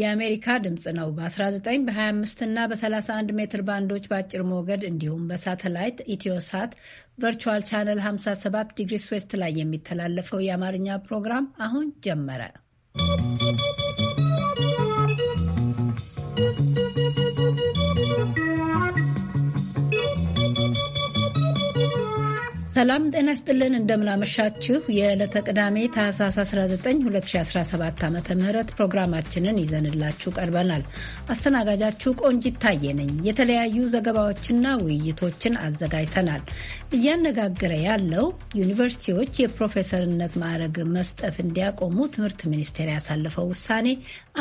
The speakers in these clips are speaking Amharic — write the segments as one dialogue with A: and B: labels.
A: የአሜሪካ ድምፅ ነው። በ19 በ25 እና በ31 ሜትር ባንዶች በአጭር ሞገድ እንዲሁም በሳተላይት ኢትዮሳት ቨርቹዋል ቻነል 57 ዲግሪ ስዌስት ላይ የሚተላለፈው የአማርኛ ፕሮግራም አሁን ጀመረ። ሰላም ጤና ስጥልን እንደምናመሻችሁ የዕለተ ቅዳሜ ታህሳስ 19 2017 ዓ ም ፕሮግራማችንን ይዘንላችሁ ቀርበናል። አስተናጋጃችሁ ቆንጅ ይታየ ነኝ። የተለያዩ ዘገባዎችና ውይይቶችን አዘጋጅተናል። እያነጋገረ ያለው ዩኒቨርሲቲዎች የፕሮፌሰርነት ማዕረግ መስጠት እንዲያቆሙ ትምህርት ሚኒስቴር ያሳለፈው ውሳኔ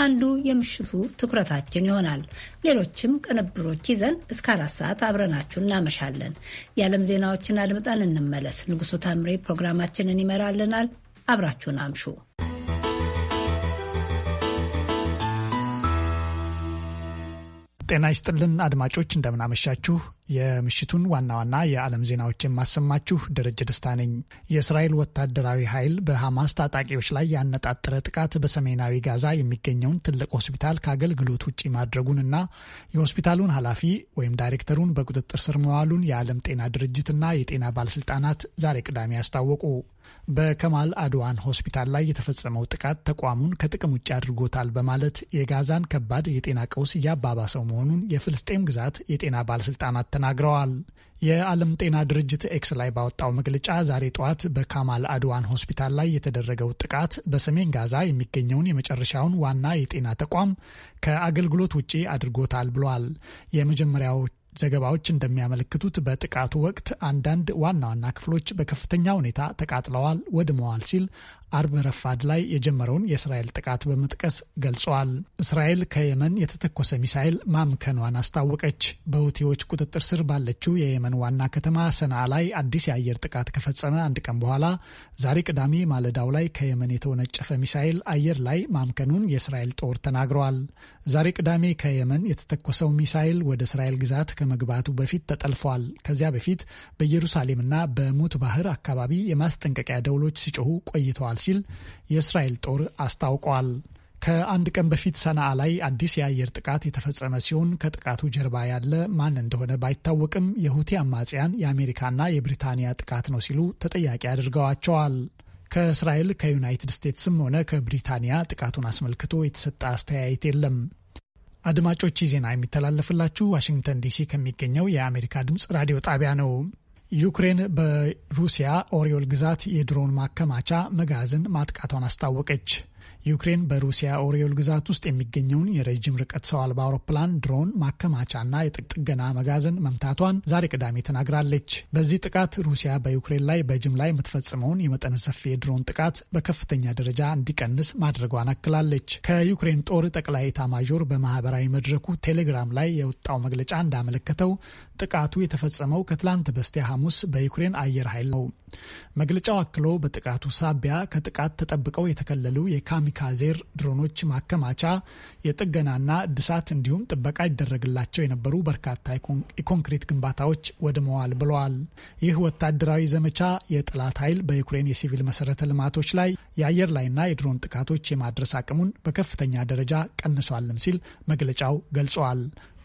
A: አንዱ የምሽቱ ትኩረታችን ይሆናል። ሌሎችም ቅንብሮች ይዘን እስከ አራት ሰዓት አብረናችሁ እናመሻለን። የዓለም ዜናዎችን አድምጠን እንመለስ። ንጉሱ ታምሬ ፕሮግራማችንን ይመራልናል። አብራችሁን አምሹ።
B: ጤና ይስጥልን አድማጮች፣ እንደምናመሻችሁ። የምሽቱን ዋና ዋና የዓለም ዜናዎች የማሰማችሁ ደረጀ ደስታ ነኝ። የእስራኤል ወታደራዊ ኃይል በሐማስ ታጣቂዎች ላይ ያነጣጠረ ጥቃት በሰሜናዊ ጋዛ የሚገኘውን ትልቅ ሆስፒታል ከአገልግሎት ውጭ ማድረጉንና የሆስፒታሉን ኃላፊ ወይም ዳይሬክተሩን በቁጥጥር ስር መዋሉን የዓለም ጤና ድርጅትና የጤና ባለስልጣናት ዛሬ ቅዳሜ አስታወቁ። በከማል አድዋን ሆስፒታል ላይ የተፈጸመው ጥቃት ተቋሙን ከጥቅም ውጭ አድርጎታል በማለት የጋዛን ከባድ የጤና ቀውስ እያባባሰው መሆኑን የፍልስጤም ግዛት የጤና ባለስልጣናት ተናግረዋል። የዓለም ጤና ድርጅት ኤክስ ላይ ባወጣው መግለጫ ዛሬ ጠዋት በካማል አድዋን ሆስፒታል ላይ የተደረገው ጥቃት በሰሜን ጋዛ የሚገኘውን የመጨረሻውን ዋና የጤና ተቋም ከአገልግሎት ውጪ አድርጎታል ብሏል። የመጀመሪያዎች ዘገባዎች እንደሚያመለክቱት በጥቃቱ ወቅት አንዳንድ ዋና ዋና ክፍሎች በከፍተኛ ሁኔታ ተቃጥለዋል፣ ወድመዋል ሲል አርብ ረፋድ ላይ የጀመረውን የእስራኤል ጥቃት በመጥቀስ ገልጸዋል። እስራኤል ከየመን የተተኮሰ ሚሳይል ማምከኗን አስታወቀች። በሁቲዎች ቁጥጥር ስር ባለችው የየመን ዋና ከተማ ሰንዓ ላይ አዲስ የአየር ጥቃት ከፈጸመ አንድ ቀን በኋላ ዛሬ ቅዳሜ ማለዳው ላይ ከየመን የተወነጨፈ ሚሳይል አየር ላይ ማምከኑን የእስራኤል ጦር ተናግረዋል። ዛሬ ቅዳሜ ከየመን የተተኮሰው ሚሳይል ወደ እስራኤል ግዛት ከመግባቱ በፊት ተጠልፏል። ከዚያ በፊት በኢየሩሳሌምና በሙት ባህር አካባቢ የማስጠንቀቂያ ደውሎች ሲጮሁ ቆይተዋል ሲል የእስራኤል ጦር አስታውቋል። ከአንድ ቀን በፊት ሰናአ ላይ አዲስ የአየር ጥቃት የተፈጸመ ሲሆን ከጥቃቱ ጀርባ ያለ ማን እንደሆነ ባይታወቅም የሁቲ አማጽያን የአሜሪካና የብሪታንያ ጥቃት ነው ሲሉ ተጠያቂ አድርገዋቸዋል። ከእስራኤል ከዩናይትድ ስቴትስም ሆነ ከብሪታንያ ጥቃቱን አስመልክቶ የተሰጠ አስተያየት የለም። አድማጮች፣ ዜና የሚተላለፍላችሁ ዋሽንግተን ዲሲ ከሚገኘው የአሜሪካ ድምፅ ራዲዮ ጣቢያ ነው። ዩክሬን በሩሲያ ኦሪዮል ግዛት የድሮን ማከማቻ መጋዘን ማጥቃቷን አስታወቀች። ዩክሬን በሩሲያ ኦሪዮል ግዛት ውስጥ የሚገኘውን የረዥም ርቀት ሰው አልባ አውሮፕላን ድሮን ማከማቻና የጥቅጥገና መጋዘን መምታቷን ዛሬ ቅዳሜ ተናግራለች። በዚህ ጥቃት ሩሲያ በዩክሬን ላይ በጅምላ የምትፈጽመውን የመጠነ ሰፊ የድሮን ጥቃት በከፍተኛ ደረጃ እንዲቀንስ ማድረጓን አክላለች። ከዩክሬን ጦር ጠቅላይ ኤታማዦር በማህበራዊ መድረኩ ቴሌግራም ላይ የወጣው መግለጫ እንዳመለከተው ጥቃቱ የተፈጸመው ከትላንት በስቲያ ሐሙስ በዩክሬን አየር ኃይል ነው። መግለጫው አክሎ በጥቃቱ ሳቢያ ከጥቃት ተጠብቀው የተከለሉ የካሚካዜር ድሮኖች ማከማቻ፣ የጥገናና እድሳት እንዲሁም ጥበቃ ይደረግላቸው የነበሩ በርካታ የኮንክሪት ግንባታዎች ወድመዋል ብለዋል። ይህ ወታደራዊ ዘመቻ የጠላት ኃይል በዩክሬን የሲቪል መሰረተ ልማቶች ላይ የአየር ላይና የድሮን ጥቃቶች የማድረስ አቅሙን በከፍተኛ ደረጃ ቀንሷልም ሲል መግለጫው ገልጿል።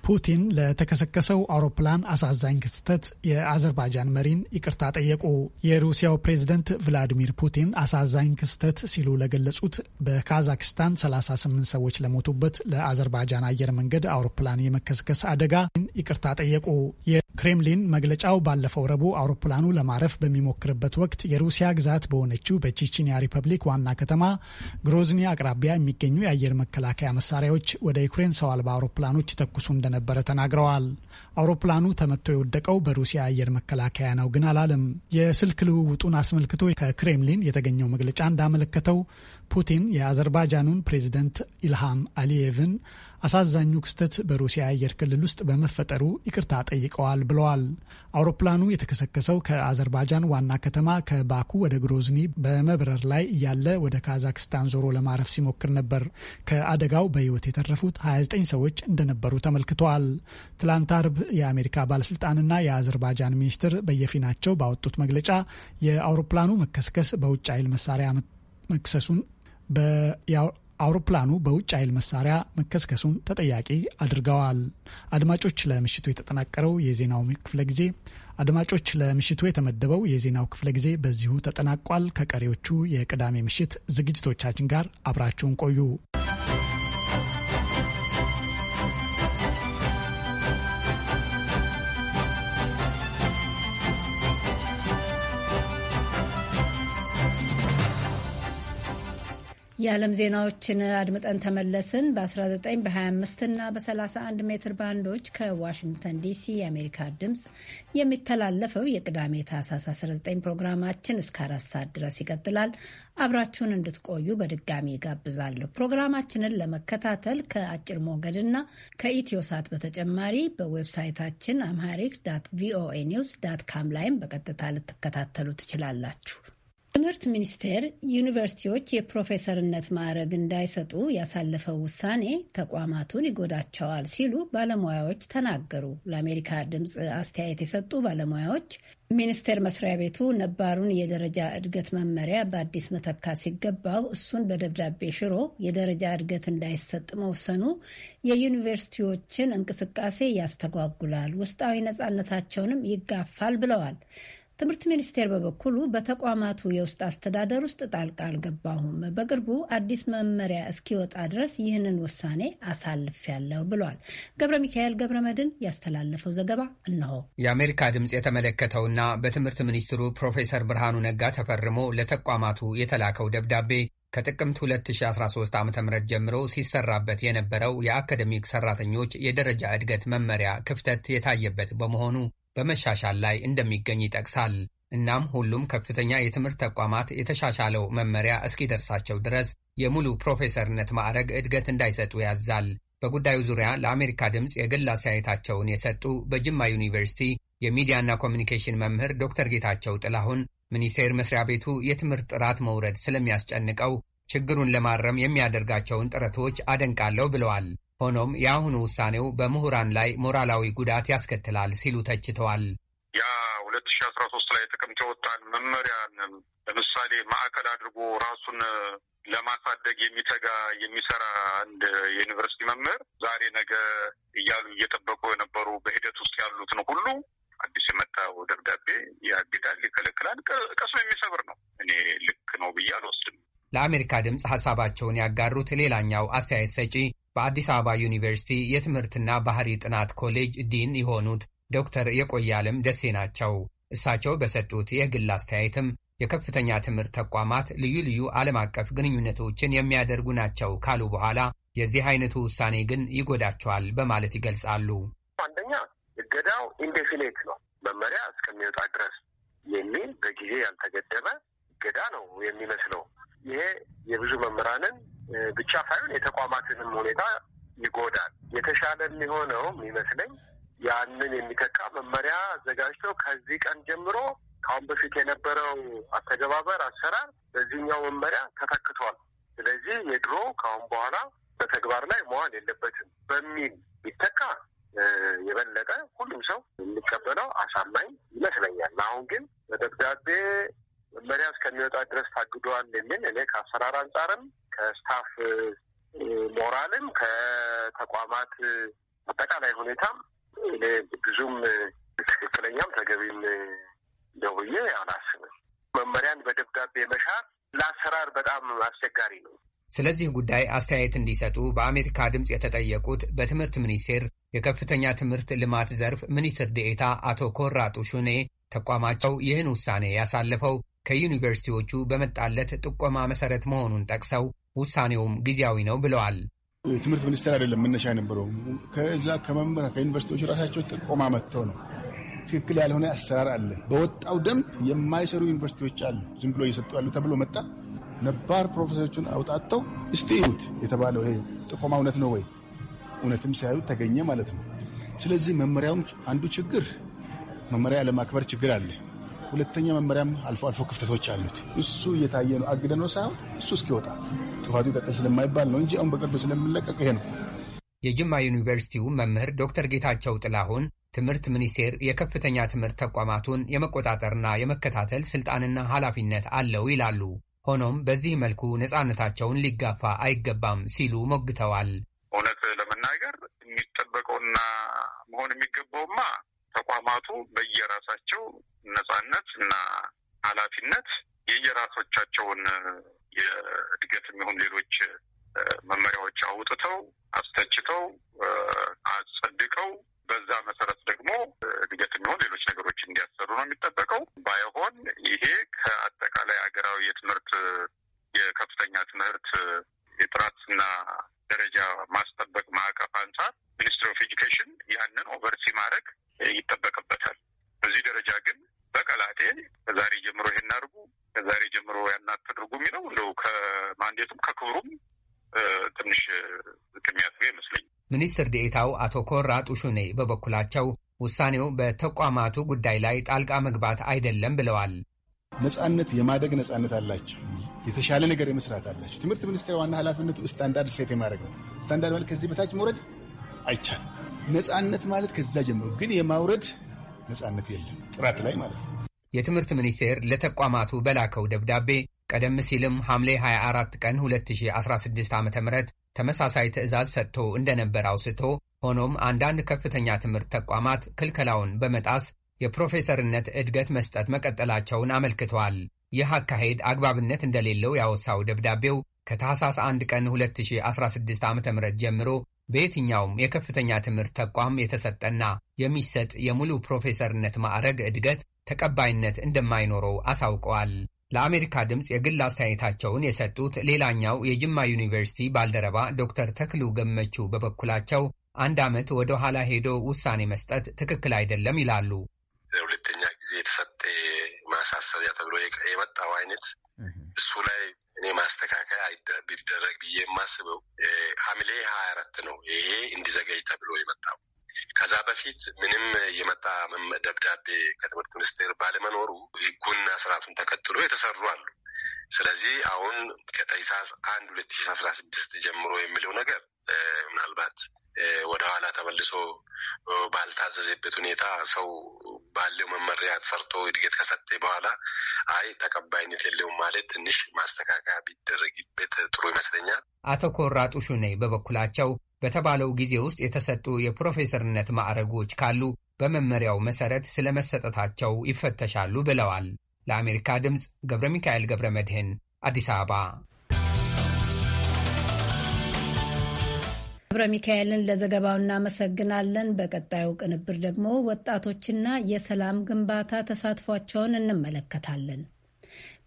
B: ፑቲን ለተከሰከሰው አውሮፕላን አሳዛኝ ክስተት የአዘርባጃን መሪን ይቅርታ ጠየቁ። የሩሲያው ፕሬዝደንት ቭላዲሚር ፑቲን አሳዛኝ ክስተት ሲሉ ለገለጹት በካዛክስታን 38 ሰዎች ለሞቱበት ለአዘርባጃን አየር መንገድ አውሮፕላን የመከስከስ አደጋ ይቅርታ ጠየቁ። የክሬምሊን መግለጫው ባለፈው ረቡዕ አውሮፕላኑ ለማረፍ በሚሞክርበት ወቅት የሩሲያ ግዛት በሆነችው በቼችኒያ ሪፐብሊክ ዋና ከተማ ግሮዝኒ አቅራቢያ የሚገኙ የአየር መከላከያ መሳሪያዎች ወደ ዩክሬን ሰው አልባ አውሮፕላኖች ይተኩሱ እንደነበ እንደነበረ ተናግረዋል። አውሮፕላኑ ተመቶ የወደቀው በሩሲያ አየር መከላከያ ነው ግን አላለም። የስልክ ልውውጡን አስመልክቶ ከክሬምሊን የተገኘው መግለጫ እንዳመለከተው ፑቲን የአዘርባይጃኑን ፕሬዚደንት ኢልሃም አሊየቭን አሳዛኙ ክስተት በሩሲያ አየር ክልል ውስጥ በመፈጠሩ ይቅርታ ጠይቀዋል ብለዋል። አውሮፕላኑ የተከሰከሰው ከአዘርባጃን ዋና ከተማ ከባኩ ወደ ግሮዝኒ በመብረር ላይ እያለ ወደ ካዛክስታን ዞሮ ለማረፍ ሲሞክር ነበር። ከአደጋው በሕይወት የተረፉት 29 ሰዎች እንደነበሩ ተመልክተዋል። ትላንት አርብ የአሜሪካ ባለስልጣንና የአዘርባጃን ሚኒስትር በየፊናቸው ባወጡት መግለጫ የአውሮፕላኑ መከስከስ በውጭ ኃይል መሳሪያ መክሰሱን አውሮፕላኑ በውጭ ኃይል መሳሪያ መከስከሱን ተጠያቂ አድርገዋል። አድማጮች፣ ለምሽቱ የተጠናቀረው የዜናው ክፍለ ጊዜ አድማጮች፣ ለምሽቱ የተመደበው የዜናው ክፍለ ጊዜ በዚሁ ተጠናቋል። ከቀሪዎቹ የቅዳሜ ምሽት ዝግጅቶቻችን ጋር አብራችሁን ቆዩ።
A: የዓለም ዜናዎችን አድምጠን ተመለስን። በ19 በ25 እና በ31 ሜትር ባንዶች ከዋሽንግተን ዲሲ የአሜሪካ ድምፅ የሚተላለፈው የቅዳሜ ታህሳስ 19 ፕሮግራማችን እስከ አራት ሰዓት ድረስ ይቀጥላል። አብራችሁን እንድትቆዩ በድጋሚ ይጋብዛለሁ። ፕሮግራማችንን ለመከታተል ከአጭር ሞገድና ሳት በተጨማሪ በዌብሳይታችን አምሃሪክ ዳት ቪኦኤ ኒውስ ዳት ካም ላይም በቀጥታ ልትከታተሉ ትችላላችሁ። ትምህርት ሚኒስቴር ዩኒቨርሲቲዎች የፕሮፌሰርነት ማዕረግ እንዳይሰጡ ያሳለፈው ውሳኔ ተቋማቱን ይጎዳቸዋል ሲሉ ባለሙያዎች ተናገሩ። ለአሜሪካ ድምፅ አስተያየት የሰጡ ባለሙያዎች ሚኒስቴር መስሪያ ቤቱ ነባሩን የደረጃ እድገት መመሪያ በአዲስ መተካ ሲገባው እሱን በደብዳቤ ሽሮ የደረጃ እድገት እንዳይሰጥ መወሰኑ የዩኒቨርሲቲዎችን እንቅስቃሴ ያስተጓጉላል፣ ውስጣዊ ነጻነታቸውንም ይጋፋል ብለዋል። ትምህርት ሚኒስቴር በበኩሉ በተቋማቱ የውስጥ አስተዳደር ውስጥ ጣልቃ አልገባሁም፣ በቅርቡ አዲስ መመሪያ እስኪወጣ ድረስ ይህንን ውሳኔ አሳልፌያለሁ ብሏል። ገብረ ሚካኤል ገብረ መድን ያስተላለፈው ዘገባ እነሆ።
C: የአሜሪካ ድምፅ የተመለከተውና በትምህርት ሚኒስትሩ ፕሮፌሰር ብርሃኑ ነጋ ተፈርሞ ለተቋማቱ የተላከው ደብዳቤ ከጥቅምት 2013 ዓ ም ጀምሮ ሲሰራበት የነበረው የአካደሚክ ሰራተኞች የደረጃ እድገት መመሪያ ክፍተት የታየበት በመሆኑ በመሻሻል ላይ እንደሚገኝ ይጠቅሳል። እናም ሁሉም ከፍተኛ የትምህርት ተቋማት የተሻሻለው መመሪያ እስኪደርሳቸው ድረስ የሙሉ ፕሮፌሰርነት ማዕረግ እድገት እንዳይሰጡ ያዛል። በጉዳዩ ዙሪያ ለአሜሪካ ድምፅ የግል አስተያየታቸውን የሰጡ በጅማ ዩኒቨርሲቲ የሚዲያና ኮሚኒኬሽን መምህር ዶክተር ጌታቸው ጥላሁን ሚኒስቴር መስሪያ ቤቱ የትምህርት ጥራት መውረድ ስለሚያስጨንቀው ችግሩን ለማረም የሚያደርጋቸውን ጥረቶች አደንቃለሁ ብለዋል። ሆኖም የአሁኑ ውሳኔው በምሁራን ላይ ሞራላዊ ጉዳት ያስከትላል ሲሉ ተችተዋል። ያ ሁለት ሺ አስራ
D: ሶስት ላይ ጥቅምት የወጣን መመሪያን ለምሳሌ ማዕከል አድርጎ ራሱን ለማሳደግ የሚተጋ የሚሰራ አንድ የዩኒቨርሲቲ መምህር ዛሬ ነገ እያሉ እየጠበቁ የነበሩ በሂደት ውስጥ ያሉትን ሁሉ አዲስ የመጣው ደብዳቤ ያግዳል፣ ይከለክላል። ቀስሞ የሚሰብር ነው። እኔ
C: ልክ ነው ብዬ አልወስድም። ለአሜሪካ ድምፅ ሀሳባቸውን ያጋሩት ሌላኛው አስተያየት ሰጪ በአዲስ አበባ ዩኒቨርሲቲ የትምህርትና ባህሪ ጥናት ኮሌጅ ዲን የሆኑት ዶክተር የቆያለም ደሴ ናቸው። እሳቸው በሰጡት የግል አስተያየትም የከፍተኛ ትምህርት ተቋማት ልዩ ልዩ ዓለም አቀፍ ግንኙነቶችን የሚያደርጉ ናቸው ካሉ በኋላ የዚህ አይነቱ ውሳኔ ግን ይጎዳቸዋል በማለት ይገልጻሉ።
D: አንደኛ እገዳው ኢንዴፊኔት ነው፣ መመሪያ እስከሚወጣ ድረስ የሚል በጊዜ ያልተገደበ እገዳ ነው የሚመስለው። ይሄ የብዙ መምህራንን ብቻ ሳይሆን የተቋማትንም ሁኔታ ይጎዳል። የተሻለ የሚሆነው የሚመስለኝ ያንን የሚተካ መመሪያ አዘጋጅተው ከዚህ ቀን ጀምሮ ከአሁን በፊት የነበረው አተገባበር አሰራር በዚህኛው መመሪያ ተተክቷል። ስለዚህ የድሮ ከአሁን በኋላ በተግባር ላይ መዋል የለበትም በሚል ቢተካ የበለጠ ሁሉም ሰው የሚቀበለው አሳማኝ ይመስለኛል። አሁን ግን በደብዳቤ መመሪያ እስከሚወጣ ድረስ ታግደዋል የሚል እኔ ከአሰራር አንጻርም ከስታፍ ሞራልም ከተቋማት አጠቃላይ ሁኔታም እኔ ብዙም ትክክለኛም ተገቢም ነው ብዬ አላስብም።
C: መመሪያን በደብዳቤ መሻር ለአሰራር በጣም አስቸጋሪ ነው። ስለዚህ ጉዳይ አስተያየት እንዲሰጡ በአሜሪካ ድምፅ የተጠየቁት በትምህርት ሚኒስቴር የከፍተኛ ትምህርት ልማት ዘርፍ ሚኒስትር ዴኤታ አቶ ኮራጡ ሹኔ ተቋማቸው ይህን ውሳኔ ያሳለፈው ከዩኒቨርሲቲዎቹ በመጣለት ጥቆማ መሰረት መሆኑን ጠቅሰው ውሳኔውም ጊዜያዊ ነው ብለዋል።
E: ትምህርት ሚኒስቴር አይደለም መነሻ የነበረው ከዛ ከመምህራን ከዩኒቨርሲቲዎች ራሳቸው ጥቆማ መጥተው ነው። ትክክል ያልሆነ አሰራር አለ። በወጣው ደንብ የማይሰሩ ዩኒቨርሲቲዎች አሉ፣ ዝም ብሎ እየሰጡ ያሉ ተብሎ መጣ። ነባር ፕሮፌሰሮችን አውጣተው እስቲ እዩት የተባለው ይሄ ጥቆማ እውነት ነው ወይ? እውነትም ሲያዩ ተገኘ ማለት ነው። ስለዚህ መመሪያውም አንዱ ችግር መመሪያ ለማክበር ችግር አለ። ሁለተኛ መመሪያም አልፎ አልፎ ክፍተቶች አሉት። እሱ እየታየ ነው። አግደ ነው ሳይሆን እሱ እስኪወጣ ጥፋቱ ይቀጥል ስለማይባል ነው እንጂ
C: አሁን በቅርብ ስለምለቀቅ ይሄ ነው። የጅማ ዩኒቨርሲቲው መምህር ዶክተር ጌታቸው ጥላሁን ትምህርት ሚኒስቴር የከፍተኛ ትምህርት ተቋማቱን የመቆጣጠርና የመከታተል ስልጣንና ኃላፊነት አለው ይላሉ። ሆኖም በዚህ መልኩ ነፃነታቸውን ሊጋፋ አይገባም ሲሉ ሞግተዋል።
D: እውነት ለመናገር የሚጠበቀውና መሆን የሚገባውማ ተቋማቱ በየራሳቸው ነጻነት እና ኃላፊነት የየራሶቻቸውን የእድገት የሚሆን ሌሎች መመሪያዎች አውጥተው አስተችተው አጸድቀው በዛ መሰረት ደግሞ እድገት የሚሆን ሌሎች ነገሮች እንዲያሰሩ ነው የሚጠበቀው። ባይሆን ይሄ ከአጠቃላይ ሀገራዊ የትምህርት የከፍተኛ ትምህርት የጥራትና ደረጃ ማስጠበቅ ማዕቀፍ አንጻር ሚኒስትር ኦፍ ኤጁኬሽን ያንን ኦቨርሲ ማድረግ ይጠበቅበታል። በዚህ ደረጃ ግን በቀላጤ ከዛሬ ጀምሮ ይሄን አድርጉ፣ ከዛሬ ጀምሮ ያን አታድርጉ የሚለው እንደው ከማንዴቱም ከክብሩም ትንሽ የሚያስገ
C: ይመስለኝ። ሚኒስትር ዴኤታው አቶ ኮራ ጡሹኔ በበኩላቸው ውሳኔው በተቋማቱ ጉዳይ ላይ ጣልቃ መግባት አይደለም ብለዋል።
E: ነጻነት፣ የማደግ ነጻነት አላቸው። የተሻለ ነገር የመስራት አላቸው። ትምህርት ሚኒስቴር ዋና ኃላፊነቱ ስታንዳርድ ሴት የማድረግ ነው። ስታንዳርድ ማለት ከዚህ በታች መውረድ አይቻልም። ነጻነት ማለት ከዛ ጀምሮ
C: ግን የማውረድ ነጻነት የለም፣ ጥራት ላይ ማለት ነው። የትምህርት ሚኒስቴር ለተቋማቱ በላከው ደብዳቤ ቀደም ሲልም ሐምሌ 24 ቀን 2016 ዓ ም ተመሳሳይ ትዕዛዝ ሰጥቶ እንደነበር አውስቶ ሆኖም አንዳንድ ከፍተኛ ትምህርት ተቋማት ክልከላውን በመጣስ የፕሮፌሰርነት ዕድገት መስጠት መቀጠላቸውን አመልክተዋል። ይህ አካሄድ አግባብነት እንደሌለው ያወሳው ደብዳቤው ከታህሳስ 1 ቀን 2016 ዓ ም ጀምሮ በየትኛውም የከፍተኛ ትምህርት ተቋም የተሰጠና የሚሰጥ የሙሉ ፕሮፌሰርነት ማዕረግ ዕድገት ተቀባይነት እንደማይኖረው አሳውቀዋል። ለአሜሪካ ድምፅ የግል አስተያየታቸውን የሰጡት ሌላኛው የጅማ ዩኒቨርሲቲ ባልደረባ ዶክተር ተክሉ ገመቹ በበኩላቸው አንድ ዓመት ወደ ኋላ ሄዶ ውሳኔ መስጠት ትክክል አይደለም ይላሉ።
D: ለሁለተኛ ጊዜ የተሰጠ
C: ማሳሰቢያ ተብሎ
D: የመጣው አይነት እሱ ላይ እኔ ማስተካከያ ቢደረግ ብዬ የማስበው ሐምሌ ሀያ አራት ነው ይሄ እንዲዘገይ ተብሎ የመጣው። ከዛ በፊት ምንም የመጣ ደብዳቤ ከትምህርት ሚኒስቴር ባለመኖሩ ህጉና ስርዓቱን ተከትሎ የተሰሩ አሉ። ስለዚህ አሁን ከጠይሳስ አንድ ሁለት ሺ አስራ ስድስት ጀምሮ የሚለው ነገር ምናልባት ወደ ኋላ ተመልሶ ባልታዘዘበት ሁኔታ ሰው ባለው መመሪያ ሰርቶ እድገት ከሰጠ በኋላ
C: አይ ተቀባይነት የለውም ማለት ትንሽ ማስተካከያ ቢደረግበት ጥሩ ይመስለኛል። አቶ ኮራ ጡሹኔ በበኩላቸው በተባለው ጊዜ ውስጥ የተሰጡ የፕሮፌሰርነት ማዕረጎች ካሉ በመመሪያው መሰረት ስለ መሰጠታቸው ይፈተሻሉ ብለዋል። ለአሜሪካ ድምፅ ገብረ ሚካኤል ገብረ መድህን አዲስ አበባ
A: ገብረ ሚካኤልን ለዘገባው እናመሰግናለን። በቀጣዩ ቅንብር ደግሞ ወጣቶችና የሰላም ግንባታ ተሳትፏቸውን እንመለከታለን።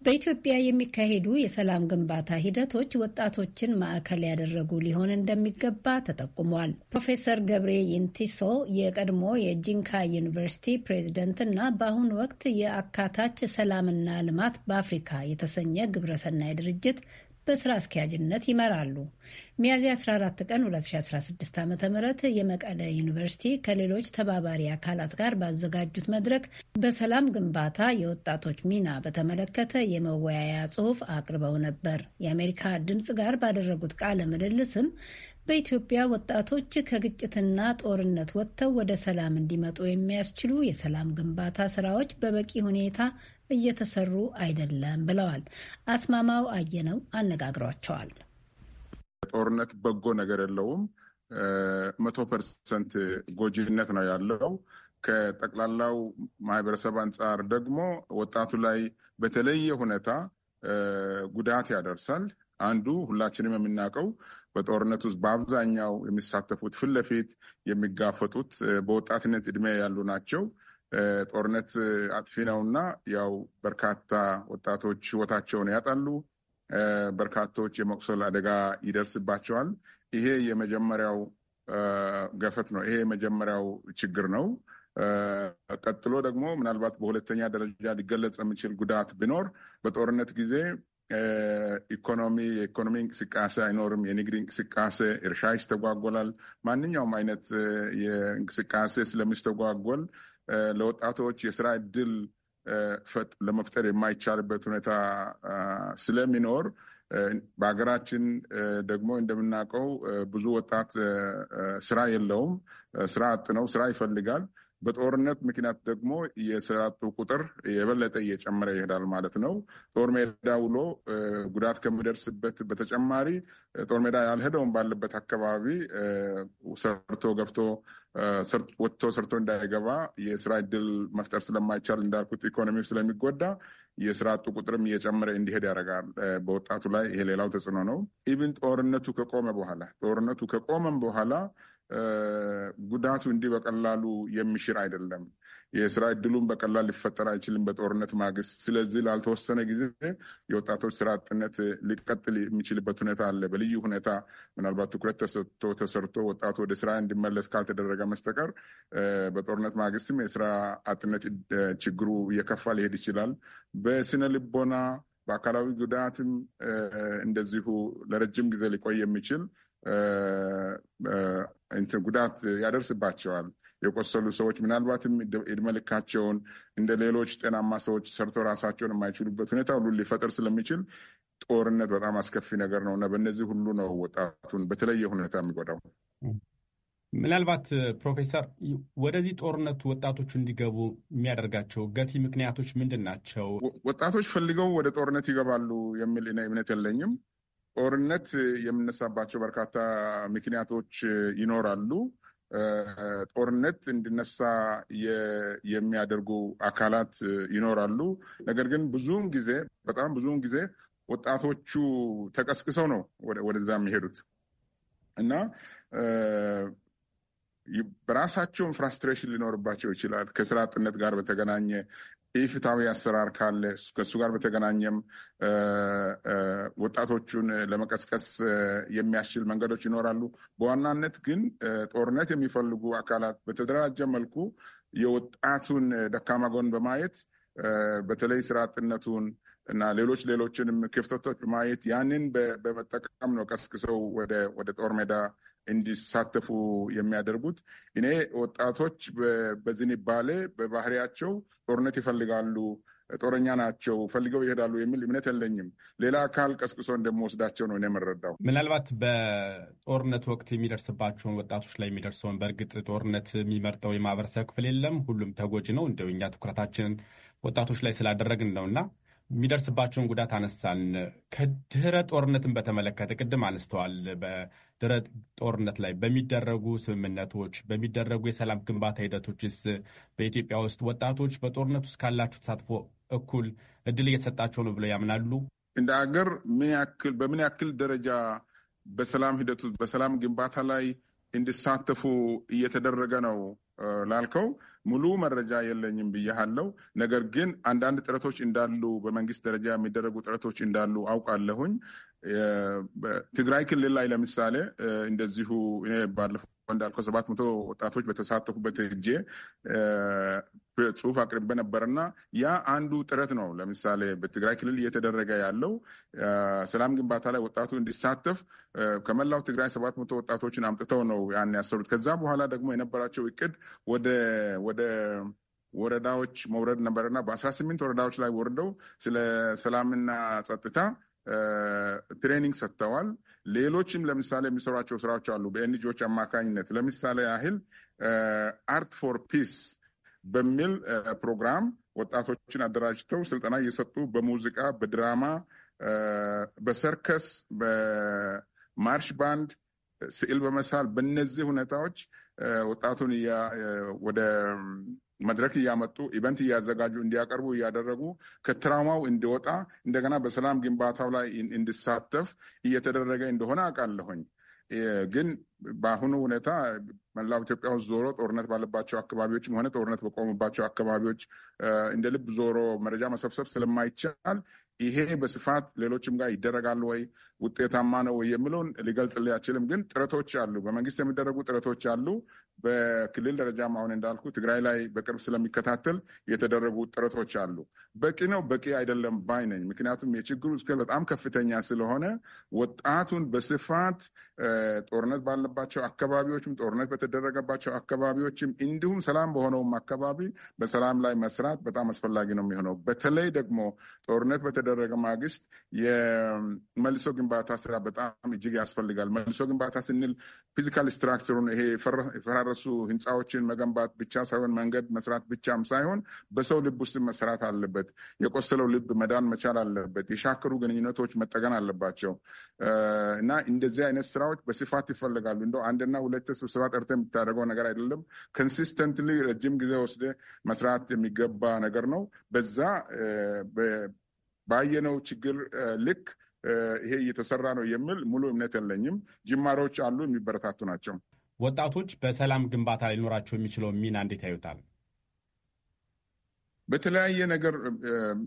A: በኢትዮጵያ የሚካሄዱ የሰላም ግንባታ ሂደቶች ወጣቶችን ማዕከል ያደረጉ ሊሆን እንደሚገባ ተጠቁሟል። ፕሮፌሰር ገብሬ ይንቲሶ የቀድሞ የጂንካ ዩኒቨርሲቲ እና በአሁኑ ወቅት የአካታች ሰላምና ልማት በአፍሪካ የተሰኘ ግብረሰናይ ድርጅት በስራ አስኪያጅነት ይመራሉ። ሚያዝያ 14 ቀን 2016 ዓ ም የመቀለ ዩኒቨርሲቲ ከሌሎች ተባባሪ አካላት ጋር ባዘጋጁት መድረክ በሰላም ግንባታ የወጣቶች ሚና በተመለከተ የመወያያ ጽሑፍ አቅርበው ነበር። የአሜሪካ ድምፅ ጋር ባደረጉት ቃለ ምልልስም በኢትዮጵያ ወጣቶች ከግጭትና ጦርነት ወጥተው ወደ ሰላም እንዲመጡ የሚያስችሉ የሰላም ግንባታ ስራዎች በበቂ ሁኔታ እየተሰሩ አይደለም ብለዋል። አስማማው አየነው አነጋግሯቸዋል።
F: ጦርነት በጎ ነገር የለውም። መቶ ፐርሰንት ጎጂነት ነው ያለው። ከጠቅላላው ማህበረሰብ አንጻር ደግሞ ወጣቱ ላይ በተለየ ሁኔታ ጉዳት ያደርሳል። አንዱ ሁላችንም የምናውቀው በጦርነት ውስጥ በአብዛኛው የሚሳተፉት ፊት ለፊት የሚጋፈጡት በወጣትነት እድሜ ያሉ ናቸው። ጦርነት አጥፊ ነው እና ያው በርካታ ወጣቶች ህይወታቸውን ያጣሉ። በርካቶች የመቁሰል አደጋ ይደርስባቸዋል። ይሄ የመጀመሪያው ገፈት ነው። ይሄ የመጀመሪያው ችግር ነው። ቀጥሎ ደግሞ ምናልባት በሁለተኛ ደረጃ ሊገለጽ የሚችል ጉዳት ቢኖር በጦርነት ጊዜ ኢኮኖሚ የኢኮኖሚ እንቅስቃሴ አይኖርም። የንግድ እንቅስቃሴ፣ እርሻ ይስተጓጎላል። ማንኛውም አይነት የእንቅስቃሴ ስለሚስተጓጎል ለወጣቶች የስራ እድል ለመፍጠር የማይቻልበት ሁኔታ ስለሚኖር በሀገራችን ደግሞ እንደምናውቀው ብዙ ወጣት ስራ የለውም፣ ስራ አጥ ነው፣ ስራ ይፈልጋል። በጦርነት ምክንያት ደግሞ የስራ አጡ ቁጥር የበለጠ እየጨመረ ይሄዳል ማለት ነው። ጦር ሜዳ ውሎ ጉዳት ከሚደርስበት በተጨማሪ ጦር ሜዳ ያልሄደውን ባለበት አካባቢ ሰርቶ ገብቶ ወጥቶ ሰርቶ እንዳይገባ የስራ እድል መፍጠር ስለማይቻል እንዳልኩት ኢኮኖሚ ስለሚጎዳ የስራ አጡ ቁጥርም እየጨመረ እንዲሄድ ያደርጋል በወጣቱ ላይ። ይሄ ሌላው ተጽዕኖ ነው። ኢቭን ጦርነቱ ከቆመ በኋላ ጦርነቱ ከቆመም በኋላ ጉዳቱ እንዲህ በቀላሉ የሚሽር አይደለም። የስራ እድሉን በቀላል ሊፈጠር አይችልም በጦርነት ማግስት። ስለዚህ ላልተወሰነ ጊዜ የወጣቶች ስራ አጥነት ሊቀጥል የሚችልበት ሁኔታ አለ። በልዩ ሁኔታ ምናልባት ትኩረት ተሰጥቶ ተሰርቶ ወጣቱ ወደ ስራ እንዲመለስ ካልተደረገ መስተቀር በጦርነት ማግስትም የስራ አጥነት ችግሩ እየከፋ ሊሄድ ይችላል። በስነ ልቦና በአካላዊ ጉዳትም እንደዚሁ ለረጅም ጊዜ ሊቆይ የሚችል ጉዳት ያደርስባቸዋል። የቆሰሉ ሰዎች ምናልባትም ዕድሜ ልካቸውን እንደ ሌሎች ጤናማ ሰዎች ሰርቶ ራሳቸውን የማይችሉበት ሁኔታ ሁሉ ሊፈጠር ስለሚችል ጦርነት በጣም አስከፊ ነገር ነው እና በእነዚህ ሁሉ ነው ወጣቱን በተለየ ሁኔታ የሚጎዳው።
G: ምናልባት ፕሮፌሰር ወደዚህ ጦርነት ወጣቶቹ እንዲገቡ የሚያደርጋቸው ገፊ ምክንያቶች ምንድን ናቸው?
F: ወጣቶች ፈልገው ወደ ጦርነት ይገባሉ የሚል እምነት የለኝም። ጦርነት የምነሳባቸው በርካታ ምክንያቶች ይኖራሉ። ጦርነት እንዲነሳ የሚያደርጉ አካላት ይኖራሉ። ነገር ግን ብዙውን ጊዜ በጣም ብዙውን ጊዜ ወጣቶቹ ተቀስቅሰው ነው ወደዛ የሚሄዱት እና በራሳቸውን ፍራስትሬሽን ሊኖርባቸው ይችላል። ከስራ አጥነት ጋር በተገናኘ ኢፍትሐዊ አሰራር ካለ ከእሱ ጋር በተገናኘም ወጣቶቹን ለመቀስቀስ የሚያስችል መንገዶች ይኖራሉ። በዋናነት ግን ጦርነት የሚፈልጉ አካላት በተደራጀ መልኩ የወጣቱን ደካማ ጎን በማየት በተለይ ስራ አጥነቱን እና ሌሎች ሌሎችንም ክፍተቶች በማየት ያንን በመጠቀም ነው ቀስቅሰው ወደ ጦር ሜዳ እንዲሳተፉ የሚያደርጉት። እኔ ወጣቶች በዝንባሌ በባህሪያቸው ጦርነት ይፈልጋሉ፣ ጦረኛ ናቸው፣ ፈልገው ይሄዳሉ የሚል እምነት የለኝም። ሌላ አካል ቀስቅሶ እንደመወስዳቸው ነው የምረዳው።
G: ምናልባት በጦርነት ወቅት የሚደርስባቸውን ወጣቶች ላይ የሚደርሰውን በእርግጥ ጦርነት የሚመርጠው የማህበረሰብ ክፍል የለም፣ ሁሉም ተጎጂ ነው። እንደው እኛ ትኩረታችንን ወጣቶች ላይ ስላደረግን ነው እና የሚደርስባቸውን ጉዳት አነሳን። ከድህረ ጦርነትን በተመለከተ ቅድም አነስተዋል ድረ ጦርነት ላይ በሚደረጉ ስምምነቶች፣ በሚደረጉ የሰላም ግንባታ ሂደቶችስ በኢትዮጵያ ውስጥ ወጣቶች በጦርነት ውስጥ ካላቸው ተሳትፎ እኩል እድል እየተሰጣቸው
F: ነው ብለው ያምናሉ? እንደ አገር በምን ያክል ደረጃ በሰላም ሂደቱ በሰላም ግንባታ ላይ እንዲሳተፉ እየተደረገ ነው ላልከው ሙሉ መረጃ የለኝም ብያሃለው። ነገር ግን አንዳንድ ጥረቶች እንዳሉ በመንግስት ደረጃ የሚደረጉ ጥረቶች እንዳሉ አውቃለሁኝ። ትግራይ ክልል ላይ ለምሳሌ እንደዚሁ እኔ ባለፈው እንዳልከው ሰባት መቶ ወጣቶች በተሳተፉበት እጄ ጽሁፍ አቅርቤ ነበርና ያ አንዱ ጥረት ነው። ለምሳሌ በትግራይ ክልል እየተደረገ ያለው ሰላም ግንባታ ላይ ወጣቱ እንዲሳተፍ ከመላው ትግራይ ሰባት መቶ ወጣቶችን አምጥተው ነው ያን ያሰሩት። ከዛ በኋላ ደግሞ የነበራቸው እቅድ ወደ ወደ ወረዳዎች መውረድ ነበርና በአስራ ስምንት ወረዳዎች ላይ ወርደው ስለ ሰላምና ጸጥታ ትሬኒንግ ሰጥተዋል። ሌሎችም ለምሳሌ የሚሰሯቸው ስራዎች አሉ። በኤንጂኦች አማካኝነት ለምሳሌ ያህል አርት ፎር ፒስ በሚል ፕሮግራም ወጣቶችን አደራጅተው ስልጠና እየሰጡ በሙዚቃ፣ በድራማ፣ በሰርከስ፣ በማርሽ ባንድ፣ ስዕል በመሳል በነዚህ ሁኔታዎች ወጣቱን ወደ መድረክ እያመጡ ኢቨንት እያዘጋጁ እንዲያቀርቡ እያደረጉ ከትራማው እንዲወጣ እንደገና በሰላም ግንባታው ላይ እንዲሳተፍ እየተደረገ እንደሆነ አውቃለሁኝ። ግን በአሁኑ ሁኔታ መላው ኢትዮጵያ ውስጥ ዞሮ ጦርነት ባለባቸው አካባቢዎችም ሆነ ጦርነት በቆሙባቸው አካባቢዎች እንደ ልብ ዞሮ መረጃ መሰብሰብ ስለማይቻል ይሄ በስፋት ሌሎችም ጋር ይደረጋል ወይ ውጤታማ ነው የሚለውን ሊገልጽልህ አይችልም። ግን ጥረቶች አሉ፣ በመንግስት የሚደረጉ ጥረቶች አሉ። በክልል ደረጃም አሁን እንዳልኩ ትግራይ ላይ በቅርብ ስለሚከታተል የተደረጉ ጥረቶች አሉ። በቂ ነው በቂ አይደለም ባይ ነኝ። ምክንያቱም የችግሩ እስከ በጣም ከፍተኛ ስለሆነ ወጣቱን በስፋት ጦርነት ባለባቸው አካባቢዎችም ጦርነት በተደረገባቸው አካባቢዎችም እንዲሁም ሰላም በሆነውም አካባቢ በሰላም ላይ መስራት በጣም አስፈላጊ ነው የሚሆነው። በተለይ ደግሞ ጦርነት በተደረገ ማግስት የመልሶ ግንባታ ስራ በጣም እጅግ ያስፈልጋል። መልሶ ግንባታ ስንል ፊዚካል ስትራክቸሩን ይሄ የፈራረሱ ህንፃዎችን መገንባት ብቻ ሳይሆን መንገድ መስራት ብቻም ሳይሆን በሰው ልብ ውስጥ መስራት አለበት። የቆሰለው ልብ መዳን መቻል አለበት። የሻክሩ ግንኙነቶች መጠገን አለባቸው እና እንደዚህ አይነት ስራዎች በስፋት ይፈልጋሉ። እንደው አንድና ሁለት ስብሰባ ጠርተህ የምታደርገው ነገር አይደለም። ኮንሲስተንትሊ ረጅም ጊዜ ወስደ መስራት የሚገባ ነገር ነው። በዛ ባየነው ችግር ልክ ይሄ እየተሰራ ነው የሚል ሙሉ እምነት የለኝም። ጅማሮች አሉ፣ የሚበረታቱ ናቸው።
G: ወጣቶች በሰላም ግንባታ ሊኖራቸው የሚችለው ሚና እንዴት ያዩታል?
F: በተለያየ ነገር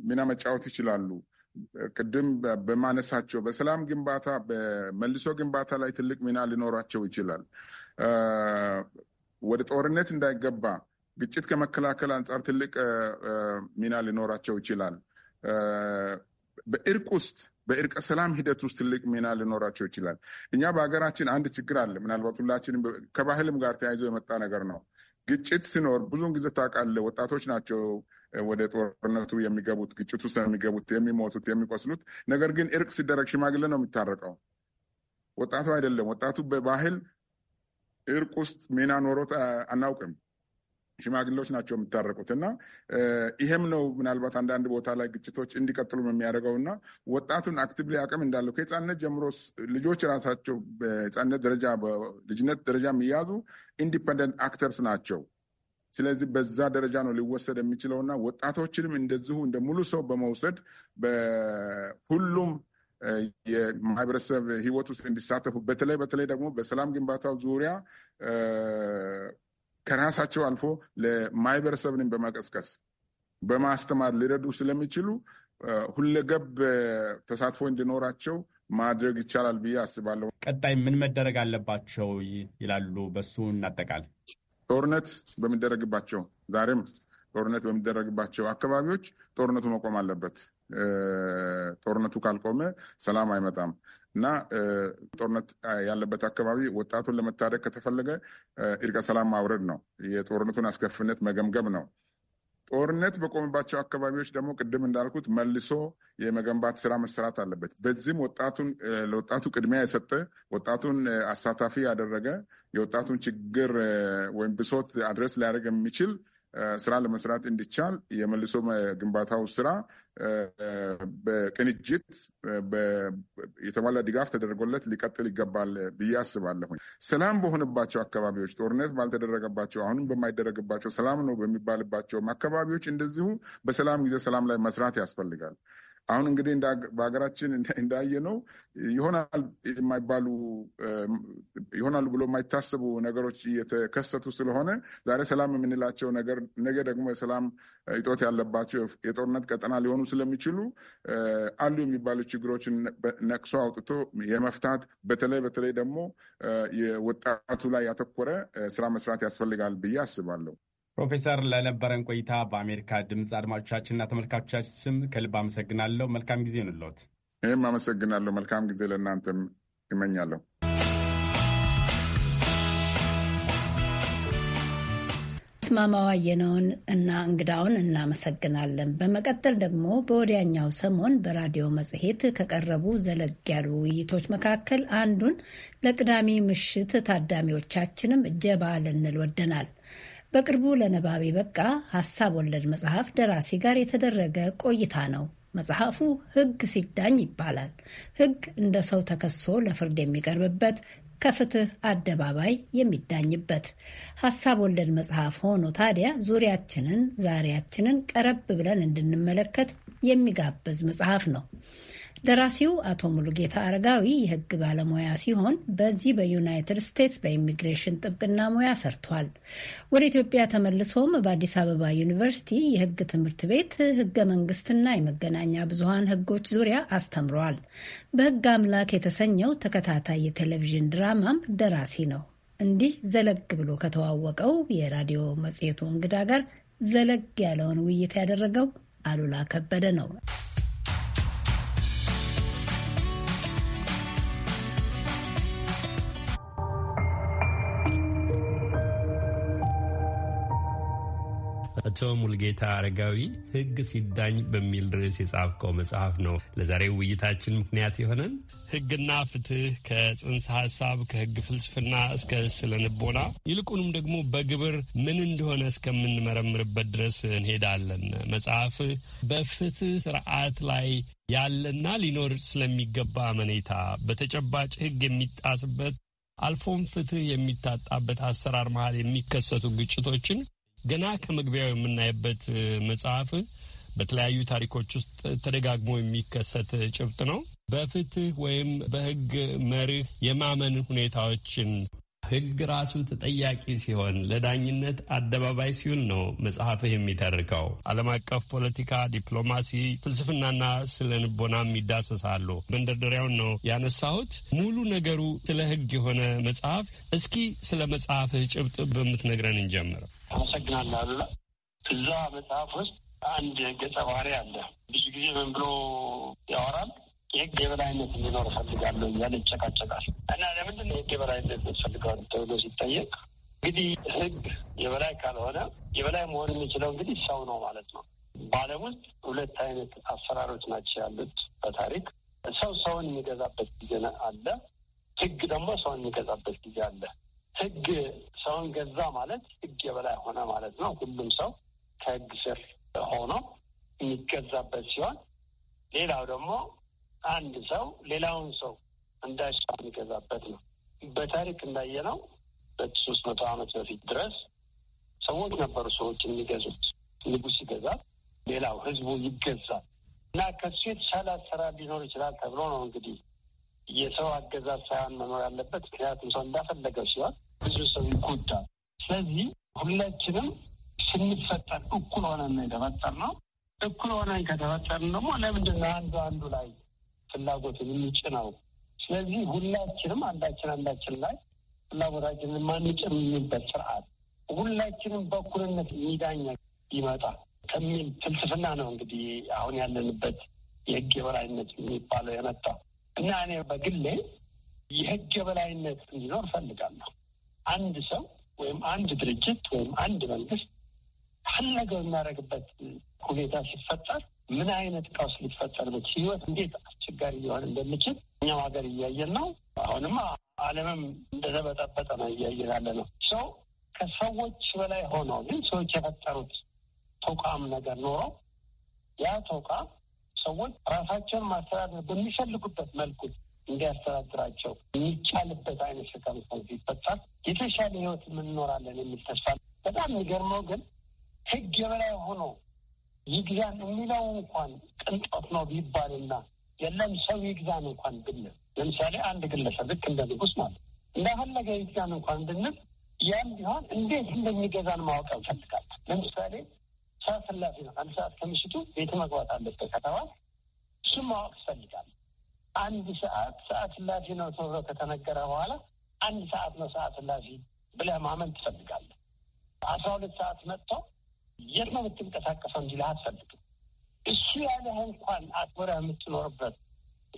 F: ሚና መጫወት ይችላሉ። ቅድም በማነሳቸው በሰላም ግንባታ፣ በመልሶ ግንባታ ላይ ትልቅ ሚና ሊኖራቸው ይችላል። ወደ ጦርነት እንዳይገባ ግጭት ከመከላከል አንጻር ትልቅ ሚና ሊኖራቸው ይችላል። በእርቅ ውስጥ በእርቀ ሰላም ሂደት ውስጥ ትልቅ ሚና ሊኖራቸው ይችላል። እኛ በሀገራችን አንድ ችግር አለ። ምናልባት ሁላችንም ከባህልም ጋር ተያይዞ የመጣ ነገር ነው። ግጭት ሲኖር ብዙውን ጊዜ ታውቃለህ፣ ወጣቶች ናቸው ወደ ጦርነቱ የሚገቡት፣ ግጭቱ ውስጥ የሚገቡት፣ የሚሞቱት፣ የሚቆስሉት። ነገር ግን እርቅ ሲደረግ ሽማግሌ ነው የሚታረቀው፣ ወጣቱ አይደለም። ወጣቱ በባህል እርቅ ውስጥ ሚና ኖሮት አናውቅም። ሽማግሌዎች ናቸው የሚታረቁት እና ይሄም ነው ምናልባት አንዳንድ ቦታ ላይ ግጭቶች እንዲቀጥሉ የሚያደርገው እና ወጣቱን ላይ አቅም እንዳለው ከህፃንነት ጀምሮ ልጆች ራሳቸው በህፃንነት ደረጃ በልጅነት ደረጃ የሚያዙ ኢንዲፐንደንት አክተርስ ናቸው። ስለዚህ በዛ ደረጃ ነው ሊወሰድ የሚችለው እና ወጣቶችንም እንደዚሁ እንደ ሙሉ ሰው በመውሰድ በሁሉም የማህበረሰብ ህይወት ውስጥ እንዲሳተፉ በተለይ በተለይ ደግሞ በሰላም ግንባታው ዙሪያ ከራሳቸው አልፎ ለማህበረሰብንም በመቀስቀስ በማስተማር ሊረዱ ስለሚችሉ ሁለገብ ተሳትፎ እንዲኖራቸው ማድረግ ይቻላል ብዬ አስባለሁ።
G: ቀጣይ ምን መደረግ አለባቸው ይላሉ? በሱ እናጠቃል።
F: ጦርነት በሚደረግባቸው ዛሬም ጦርነት በሚደረግባቸው አካባቢዎች ጦርነቱ መቆም አለበት። ጦርነቱ ካልቆመ ሰላም አይመጣም። እና ጦርነት ያለበት አካባቢ ወጣቱን ለመታደግ ከተፈለገ እርቀ ሰላም ማውረድ ነው። የጦርነቱን አስከፊነት መገምገም ነው። ጦርነት በቆመባቸው አካባቢዎች ደግሞ ቅድም እንዳልኩት መልሶ የመገንባት ስራ መሰራት አለበት። በዚህም ወጣቱን ለወጣቱ ቅድሚያ የሰጠ ወጣቱን አሳታፊ ያደረገ የወጣቱን ችግር ወይም ብሶት አድረስ ሊያደርግ የሚችል ስራ ለመስራት እንዲቻል የመልሶ ግንባታው ስራ በቅንጅት የተሟላ ድጋፍ ተደርጎለት ሊቀጥል ይገባል ብዬ አስባለሁ ሰላም በሆነባቸው አካባቢዎች ጦርነት ባልተደረገባቸው አሁንም በማይደረግባቸው ሰላም ነው በሚባልባቸውም አካባቢዎች እንደዚሁ በሰላም ጊዜ ሰላም ላይ መስራት ያስፈልጋል። አሁን እንግዲህ በሀገራችን እንዳየ ነው ይሆናል የማይባሉ ይሆናሉ ብሎ የማይታሰቡ ነገሮች እየተከሰቱ ስለሆነ ዛሬ ሰላም የምንላቸው ነገር ነገ ደግሞ የሰላም እጦት ያለባቸው የጦርነት ቀጠና ሊሆኑ ስለሚችሉ አሉ የሚባሉ ችግሮችን ነቅሶ አውጥቶ የመፍታት በተለይ በተለይ ደግሞ የወጣቱ ላይ ያተኮረ ስራ መስራት ያስፈልጋል ብዬ አስባለሁ።
G: ፕሮፌሰር ለነበረን ቆይታ በአሜሪካ ድምፅ አድማጮቻችንና ተመልካቾቻችን ስም ከልብ አመሰግናለሁ። መልካም
A: ጊዜ
F: ንለት ይህም አመሰግናለሁ። መልካም ጊዜ ለእናንተም ይመኛለሁ።
A: ማማዋ እና እንግዳውን እናመሰግናለን። በመቀጠል ደግሞ በወዲያኛው ሰሞን በራዲዮ መጽሔት ከቀረቡ ዘለግ ያሉ ውይይቶች መካከል አንዱን ለቅዳሜ ምሽት ታዳሚዎቻችንም ጀባ ልንል ወደናል። በቅርቡ ለንባብ የበቃ ሀሳብ ወለድ መጽሐፍ ደራሲ ጋር የተደረገ ቆይታ ነው። መጽሐፉ ሕግ ሲዳኝ ይባላል። ሕግ እንደ ሰው ተከሶ ለፍርድ የሚቀርብበት ከፍትህ አደባባይ የሚዳኝበት ሀሳብ ወለድ መጽሐፍ ሆኖ ታዲያ ዙሪያችንን፣ ዛሬያችንን ቀረብ ብለን እንድንመለከት የሚጋብዝ መጽሐፍ ነው። ደራሲው አቶ ሙሉጌታ አረጋዊ የህግ ባለሙያ ሲሆን በዚህ በዩናይትድ ስቴትስ በኢሚግሬሽን ጥብቅና ሙያ ሰርቷል። ወደ ኢትዮጵያ ተመልሶም በአዲስ አበባ ዩኒቨርሲቲ የህግ ትምህርት ቤት ህገ መንግስትና የመገናኛ ብዙኃን ህጎች ዙሪያ አስተምሯል። በህግ አምላክ የተሰኘው ተከታታይ የቴሌቪዥን ድራማም ደራሲ ነው። እንዲህ ዘለግ ብሎ ከተዋወቀው የራዲዮ መጽሔቱ እንግዳ ጋር ዘለግ ያለውን ውይይት ያደረገው አሉላ ከበደ ነው።
H: አቶ ሙልጌታ አረጋዊ ሕግ ሲዳኝ በሚል ርዕስ የጻፍከው መጽሐፍ ነው ለዛሬው ውይይታችን ምክንያት የሆነን። ሕግና ፍትህ ከጽንሰ ሀሳብ ከሕግ ፍልስፍና እስከ ስነ ይልቁንም ደግሞ በግብር ምን እንደሆነ እስከምንመረምርበት ድረስ እንሄዳለን። መጽሐፍ በፍትህ ስርዓት ላይ ያለና ሊኖር ስለሚገባ አመኔታ በተጨባጭ ሕግ የሚጣስበት አልፎም ፍትህ የሚታጣበት አሰራር መሀል የሚከሰቱ ግጭቶችን ገና ከመግቢያው የምናይበት መጽሐፍ በተለያዩ ታሪኮች ውስጥ ተደጋግሞ የሚከሰት ጭብጥ ነው። በፍትህ ወይም በህግ መርህ የማመን ሁኔታዎችን ሕግ ራሱ ተጠያቂ ሲሆን ለዳኝነት አደባባይ ሲሆን ነው መጽሐፍህ የሚተርከው። ዓለም አቀፍ ፖለቲካ፣ ዲፕሎማሲ፣ ፍልስፍናና ስለ ንቦናም ይዳሰሳሉ። መንደርደሪያውን ነው ያነሳሁት። ሙሉ ነገሩ ስለ ሕግ የሆነ መጽሐፍ። እስኪ ስለ መጽሐፍህ ጭብጥ በምትነግረን እንጀምር።
I: አመሰግናለሁ እዛ መጽሐፍ ውስጥ አንድ ገጸ ባህሪ አለ። ብዙ ጊዜ ምን ብሎ ያወራል? የህግ የበላይነት እንዲኖር እፈልጋለሁ እያለ ይጨቃጨቃል እና ለምንድን ነው የህግ የበላይነት ፈልገዋል ተብሎ ሲጠየቅ እንግዲህ ህግ የበላይ ካልሆነ የበላይ መሆን የሚችለው እንግዲህ ሰው ነው ማለት ነው። በዓለም ውስጥ ሁለት አይነት አሰራሮች ናቸው ያሉት በታሪክ ሰው ሰውን የሚገዛበት ጊዜ አለ። ህግ ደግሞ ሰውን የሚገዛበት ጊዜ አለ። ህግ ሰውን ገዛ ማለት ህግ የበላይ ሆነ ማለት ነው። ሁሉም ሰው ከህግ ስር ሆኖ የሚገዛበት ሲሆን፣ ሌላው ደግሞ አንድ ሰው ሌላውን ሰው እንዳሻ የሚገዛበት ነው። በታሪክ እንዳየነው ሁለት ሶስት መቶ ዓመት በፊት ድረስ ሰዎች ነበሩ ሰዎች የሚገዙት። ንጉስ ይገዛል፣ ሌላው ህዝቡ ይገዛል እና ከሱ የተሻለ አሰራር ሊኖር ይችላል ተብሎ ነው እንግዲህ የሰው አገዛዝ ሳይሆን መኖር ያለበት። ምክንያቱም ሰው እንዳፈለገው ሲሆን ብዙ ሰው ይጎዳል። ስለዚህ ሁላችንም ስንፈጠር እኩል ሆነን ነው ነው። እኩል ሆነን ከተፈጠርን ደግሞ ለምንድን ነው አንዱ አንዱ ላይ ፍላጎትን ነው። ስለዚህ ሁላችንም አንዳችን አንዳችን ላይ ፍላጎታችንን ማንጭምበት ስርዓት ሁላችንም በኩልነት ሚዳኛ ይመጣ ከሚል ፍልስፍና ነው እንግዲህ አሁን ያለንበት የህግ የበላይነት የሚባለው የመጣው እና እኔ በግሌ የህግ የበላይነት እንዲኖር እፈልጋለሁ። አንድ ሰው ወይም አንድ ድርጅት ወይም አንድ መንግስት ፈለገው የሚያደርግበት ሁኔታ ሲፈጠር ምን አይነት ቀውስ ሊፈጠርበት ህይወት እንዴት አስቸጋሪ ሊሆን እንደሚችል እኛም ሀገር እያየን ነው። አሁንማ ዓለምም እንደተበጠበጠ ነው እያየን ያለ ነው። ሰው ከሰዎች በላይ ሆኖ ግን ሰዎች የፈጠሩት ተቋም ነገር ኖሮ ያ ተቋም ሰዎች ራሳቸውን ማስተዳደር በሚፈልጉበት መልኩ እንዲያስተዳድራቸው የሚቻልበት አይነት ሰው ሲፈጠር የተሻለ ህይወት የምንኖራለን የሚል ተስፋ በጣም የሚገርመው ግን ህግ የበላይ ሆኖ ይግዛን የሚለው እንኳን ቅንጦት ነው ቢባልና የለም ሰው ይግዛን እንኳን ብንል ለምሳሌ አንድ ግለሰብ ልክ እንደ ንጉስ ማለት እንዳፈለገ ይግዛን እንኳን ብንል ያም ቢሆን እንዴት እንደሚገዛን ማወቅ ይፈልጋል። ለምሳሌ ሰዓት እላፊ ነው። አንድ ሰዓት ከምሽቱ ቤት መግባት አለበት ከተባለ እሱም ማወቅ ይፈልጋል። አንድ ሰዓት ሰዓት እላፊ ነው ተብሎ ከተነገረ በኋላ አንድ ሰዓት ነው ሰዓት እላፊ ብለህ ማመን ትፈልጋለህ። አስራ ሁለት ሰዓት መጥተው የት ነው የምትንቀሳቀሰው እንዲልህ አትፈልግም። እሱ ያለህ እንኳን አክብረህ የምትኖርበት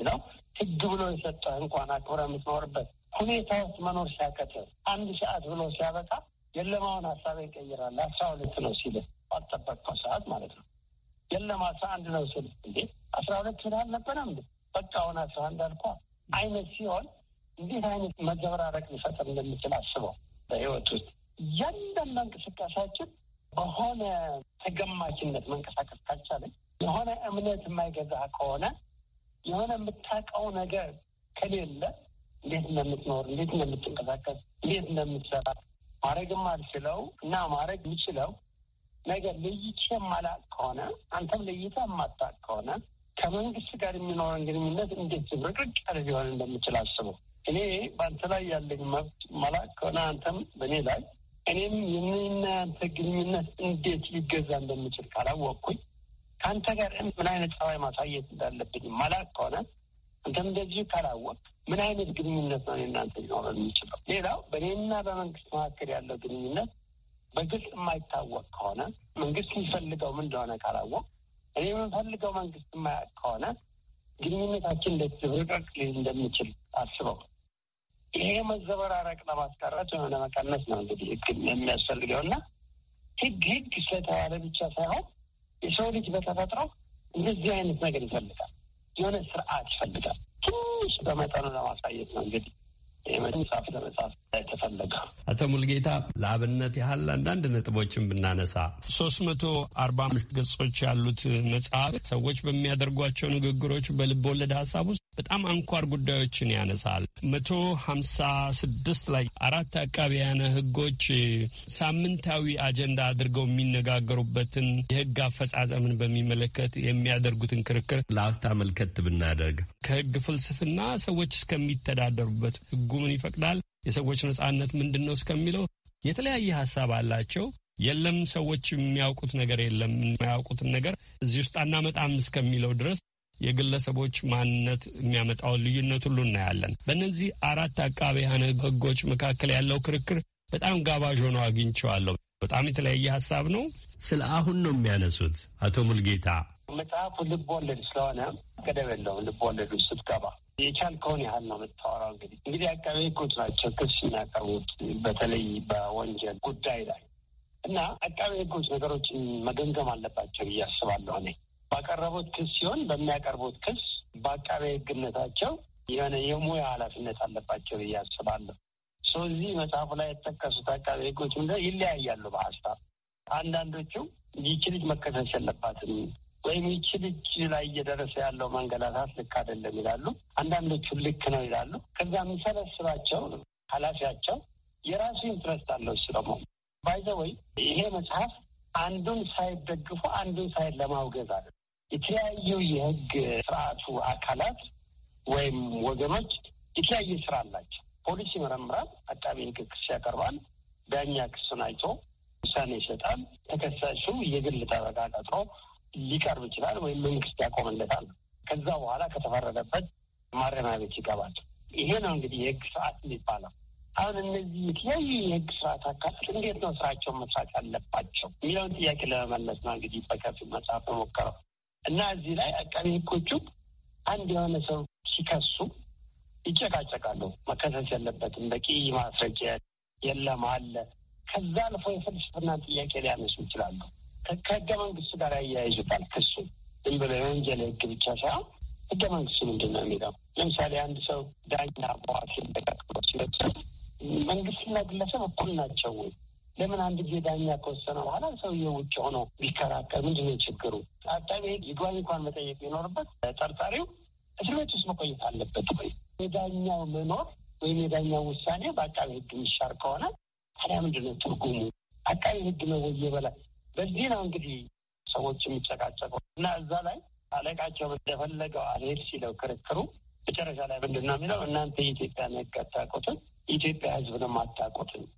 I: ነው። ህግ ብሎ የሰጠህ እንኳን አክብረህ የምትኖርበት ሁኔታ ውስጥ መኖር ሲያቀትህ አንድ ሰዓት ብሎ ሲያበቃ የለማውን ሀሳብ ይቀይራል። አስራ ሁለት ነው ሲል ባልጠበቅከው ሰዓት ማለት ነው። የለም አስራ አንድ ነው ስል እንዴ አስራ ሁለት ስል አልነበረም እንዴ በቃ አሁን አስራ አንድ አልኳ አይነት ሲሆን እንዲህ አይነት መዘበራረቅ ሊፈጠር እንደምችል አስበው። በህይወት ውስጥ እያንዳንዱ እንቅስቃሴያችን በሆነ ተገማችነት መንቀሳቀስ ካልቻለች፣ የሆነ እምነት የማይገዛ ከሆነ፣ የሆነ የምታውቀው ነገር ከሌለ እንዴት እንደምትኖር፣ እንዴት እንደምትንቀሳቀስ፣ እንዴት እንደምትሰራ ማድረግም አልችለው እና ማድረግ የምችለው ነገር ለይቼ የማላቅ ከሆነ አንተም ለይተ የማታቅ ከሆነ ከመንግስት ጋር የሚኖረን ግንኙነት እንዴት ዝብርቅርቅ ያለ ሊሆን እንደምችል አስበው። እኔ በአንተ ላይ ያለኝ መብት ማላቅ ከሆነ አንተም በእኔ ላይ እኔም የኔና አንተ ግንኙነት እንዴት ሊገዛ እንደምችል ካላወቅኩኝ ከአንተ ጋር ምን አይነት ጸባይ ማሳየት እንዳለብኝ ማላቅ ከሆነ አንተም እንደዚህ ካላወቅ ምን አይነት ግንኙነት ነው እናንተ ሊኖረ የሚችለው? ሌላው በእኔና በመንግስት መካከል ያለው ግንኙነት በግልጽ የማይታወቅ ከሆነ መንግስት የሚፈልገው ምን እንደሆነ ካላወቅ እኔ የምንፈልገው መንግስት የማያውቅ ከሆነ ግንኙነታችን እንዴት ዝብርቅርቅ እንደሚችል አስበው። ይሄ መዘበራረቅ ለማስቀረት የሆነ መቀነስ ነው እንግዲህ ህግ የሚያስፈልገው እና ህግ ህግ ስለተባለ ብቻ ሳይሆን የሰው ልጅ በተፈጥሮ እንደዚህ አይነት ነገር ይፈልጋል። የሆነ ስርዓት ይፈልጋል። ትንሽ በመጠኑ ለማሳየት ነው እንግዲህ መጽሐፍ ለመጽሐፍ
H: ተፈለገ። አቶ ሙልጌታ ለአብነት ያህል አንዳንድ ነጥቦችን ብናነሳ ሶስት መቶ አርባ አምስት ገጾች ያሉት መጽሐፍ ሰዎች በሚያደርጓቸው ንግግሮች በልብ ወለድ ሀሳብ ውስጥ በጣም አንኳር ጉዳዮችን ያነሳል። መቶ ሀምሳ ስድስት ላይ አራት አቃቢያነ ህጎች ሳምንታዊ አጀንዳ አድርገው የሚነጋገሩበትን የህግ አፈጻጸምን በሚመለከት የሚያደርጉትን ክርክር ለአፍታ መልከት ብናደርግ ከህግ ፍልስፍና ሰዎች እስከሚተዳደሩበት ህጉ ምን ይፈቅዳል፣ የሰዎች ነጻነት ምንድን ነው እስከሚለው የተለያየ ሀሳብ አላቸው። የለም ሰዎች የሚያውቁት ነገር የለም የማያውቁትን ነገር እዚህ ውስጥ አናመጣም እስከሚለው ድረስ የግለሰቦች ማንነት የሚያመጣውን ልዩነት ሁሉ እናያለን። በእነዚህ አራት አቃቤ ሕጎች መካከል ያለው ክርክር በጣም ጋባዥ ሆኖ አግኝቼዋለሁ። በጣም የተለያየ ሀሳብ ነው። ስለ አሁን ነው የሚያነሱት አቶ ሙልጌታ።
I: መጽሐፉ ልብ ወለድ ስለሆነ ገደብ የለውም። ልብ ወለዱ ስትገባ የቻልከውን ያህል ነው የምታወራው። እንግዲህ እንግዲህ አቃቤ ሕጎች ናቸው ክስ የሚያቀርቡት በተለይ በወንጀል ጉዳይ ላይ እና አቃቤ ሕጎች ነገሮችን መገምገም አለባቸው ብዬ አስባለሁ እኔ ባቀረቡት ክስ ሲሆን በሚያቀርቡት ክስ በአቃቤ ሕግነታቸው የሆነ የሙያ ኃላፊነት አለባቸው ብዬ አስባለሁ። እዚህ መጽሐፉ ላይ የተጠቀሱት አቃቤ ሕጎች ምደ ይለያያሉ በሀሳብ አንዳንዶቹ ይቺ ልጅ መከሰስ የለባትም ወይም ይቺ ልጅ ላይ እየደረሰ ያለው መንገላታት ልክ አይደለም ይላሉ። አንዳንዶቹ ልክ ነው ይላሉ። ከዛ የሚሰበስባቸው ኃላፊያቸው የራሱ ኢንትረስት አለው። እሱ ደግሞ ባይዘ ወይ ይሄ መጽሐፍ አንዱን ሳይደግፉ አንዱን ሳይድ ለማውገዝ አለ የተለያዩ የህግ ስርዓቱ አካላት ወይም ወገኖች የተለያየ ስራ አላቸው። ፖሊስ ይመረምራል፣ አቃቢ ህግ ክስ ያቀርባል፣ ዳኛ ክሱን አይቶ ውሳኔ ይሰጣል። ተከሳሹ የግል ጠበቃ ቀጥሮ ሊቀርብ ይችላል ወይም መንግስት ያቆምለታል። ከዛ በኋላ ከተፈረደበት ማረሚያ ቤት ይገባል። ይሄ ነው እንግዲህ የህግ ስርዓት የሚባለው። አሁን እነዚህ የተለያዩ የህግ ስርዓት አካላት እንዴት ነው ስራቸውን መስራት ያለባቸው የሚለውን ጥያቄ ለመመለስ ነው እንግዲህ በከፊል መጽሐፍ ሞከረው። እና እዚህ ላይ አቃቢ ህጎቹ አንድ የሆነ ሰው ሲከሱ ይጨቃጨቃሉ። መከሰስ ያለበትም በቂ ማስረጃ የለም አለ። ከዛ አልፎ የፍልስፍና ጥያቄ ሊያነሱ ይችላሉ። ከህገ መንግስቱ ጋር ያያይዙታል። ክሱ ዝም ብሎ የወንጀል ህግ ብቻ ሳይሆን ህገ መንግስቱ ምንድን ነው የሚለው ለምሳሌ አንድ ሰው ዳኛ በዋሲ ደቀቅሎ ሲለሰ መንግስትና ግለሰብ እኩል ናቸው ወይ ለምን አንድ ጊዜ ዳኛ ከወሰነ በኋላ ሰውዬው ውጭ ሆኖ ቢከራከር ምንድን ነው ችግሩ? አቃቤ ሕግ ይግባኝ እንኳን መጠየቅ ቢኖርበት ተጠርጣሪው እስር ቤት ውስጥ መቆየት አለበት ወይ? የዳኛው መኖር ወይም የዳኛው ውሳኔ በአቃቤ ሕግ የሚሻር ከሆነ ታዲያ ምንድን ነው ትርጉሙ? አቃቤ ሕግ ነው ወይ የበላይ? በዚህ ነው እንግዲህ ሰዎች የሚጨቃጨቀው እና እዛ ላይ አለቃቸው እንደፈለገው አልሄድ ሲለው ክርክሩ መጨረሻ ላይ ምንድን ነው የሚለው እናንተ የኢትዮጵያን ሕግ አታውቁትም፣ የኢትዮጵያ ህዝብንም ነው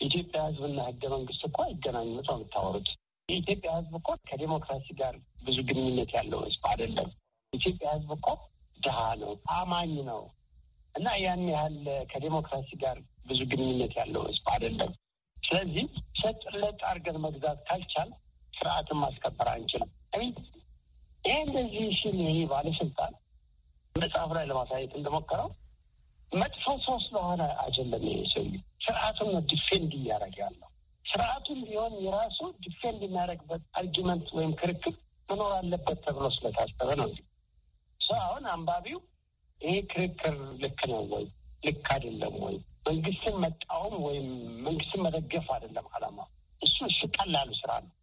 I: የኢትዮጵያ ህዝብና ህገ መንግስት እኮ አይገናኙ ነው የምታወሩት። የኢትዮጵያ ህዝብ እኮ ከዴሞክራሲ ጋር ብዙ ግንኙነት ያለው ህዝብ አይደለም። የኢትዮጵያ ህዝብ እኮ ድሃ ነው፣ አማኝ ነው እና ያን ያህል ከዴሞክራሲ ጋር ብዙ ግንኙነት ያለው ህዝብ አይደለም። ስለዚህ ሰጥለጥ አድርገን መግዛት ካልቻል ስርዓትን ማስከበር አንችልም። ይህ እንደዚህ ሲል ይህ ባለስልጣን መጽሐፍ ላይ ለማሳየት እንደሞከረው መጥፎ ሰው ስለሆነ አይደለም። ይሄ ሰው ስርዓቱን ነው ዲፌንድ እያደረግ ያለው። ስርዓቱን ቢሆን የራሱ ዲፌንድ የሚያደረግበት አርጊመንት ወይም ክርክር መኖር አለበት ተብሎ ስለታሰበ ነው። ሰው አሁን አንባቢው ይሄ ክርክር ልክ ነው ወይ ልክ አይደለም ወይ፣ መንግስትን መቃወም ወይም መንግስትን መደገፍ አይደለም አላማ። እሱ እሱ ቀላሉ ስራ ነው።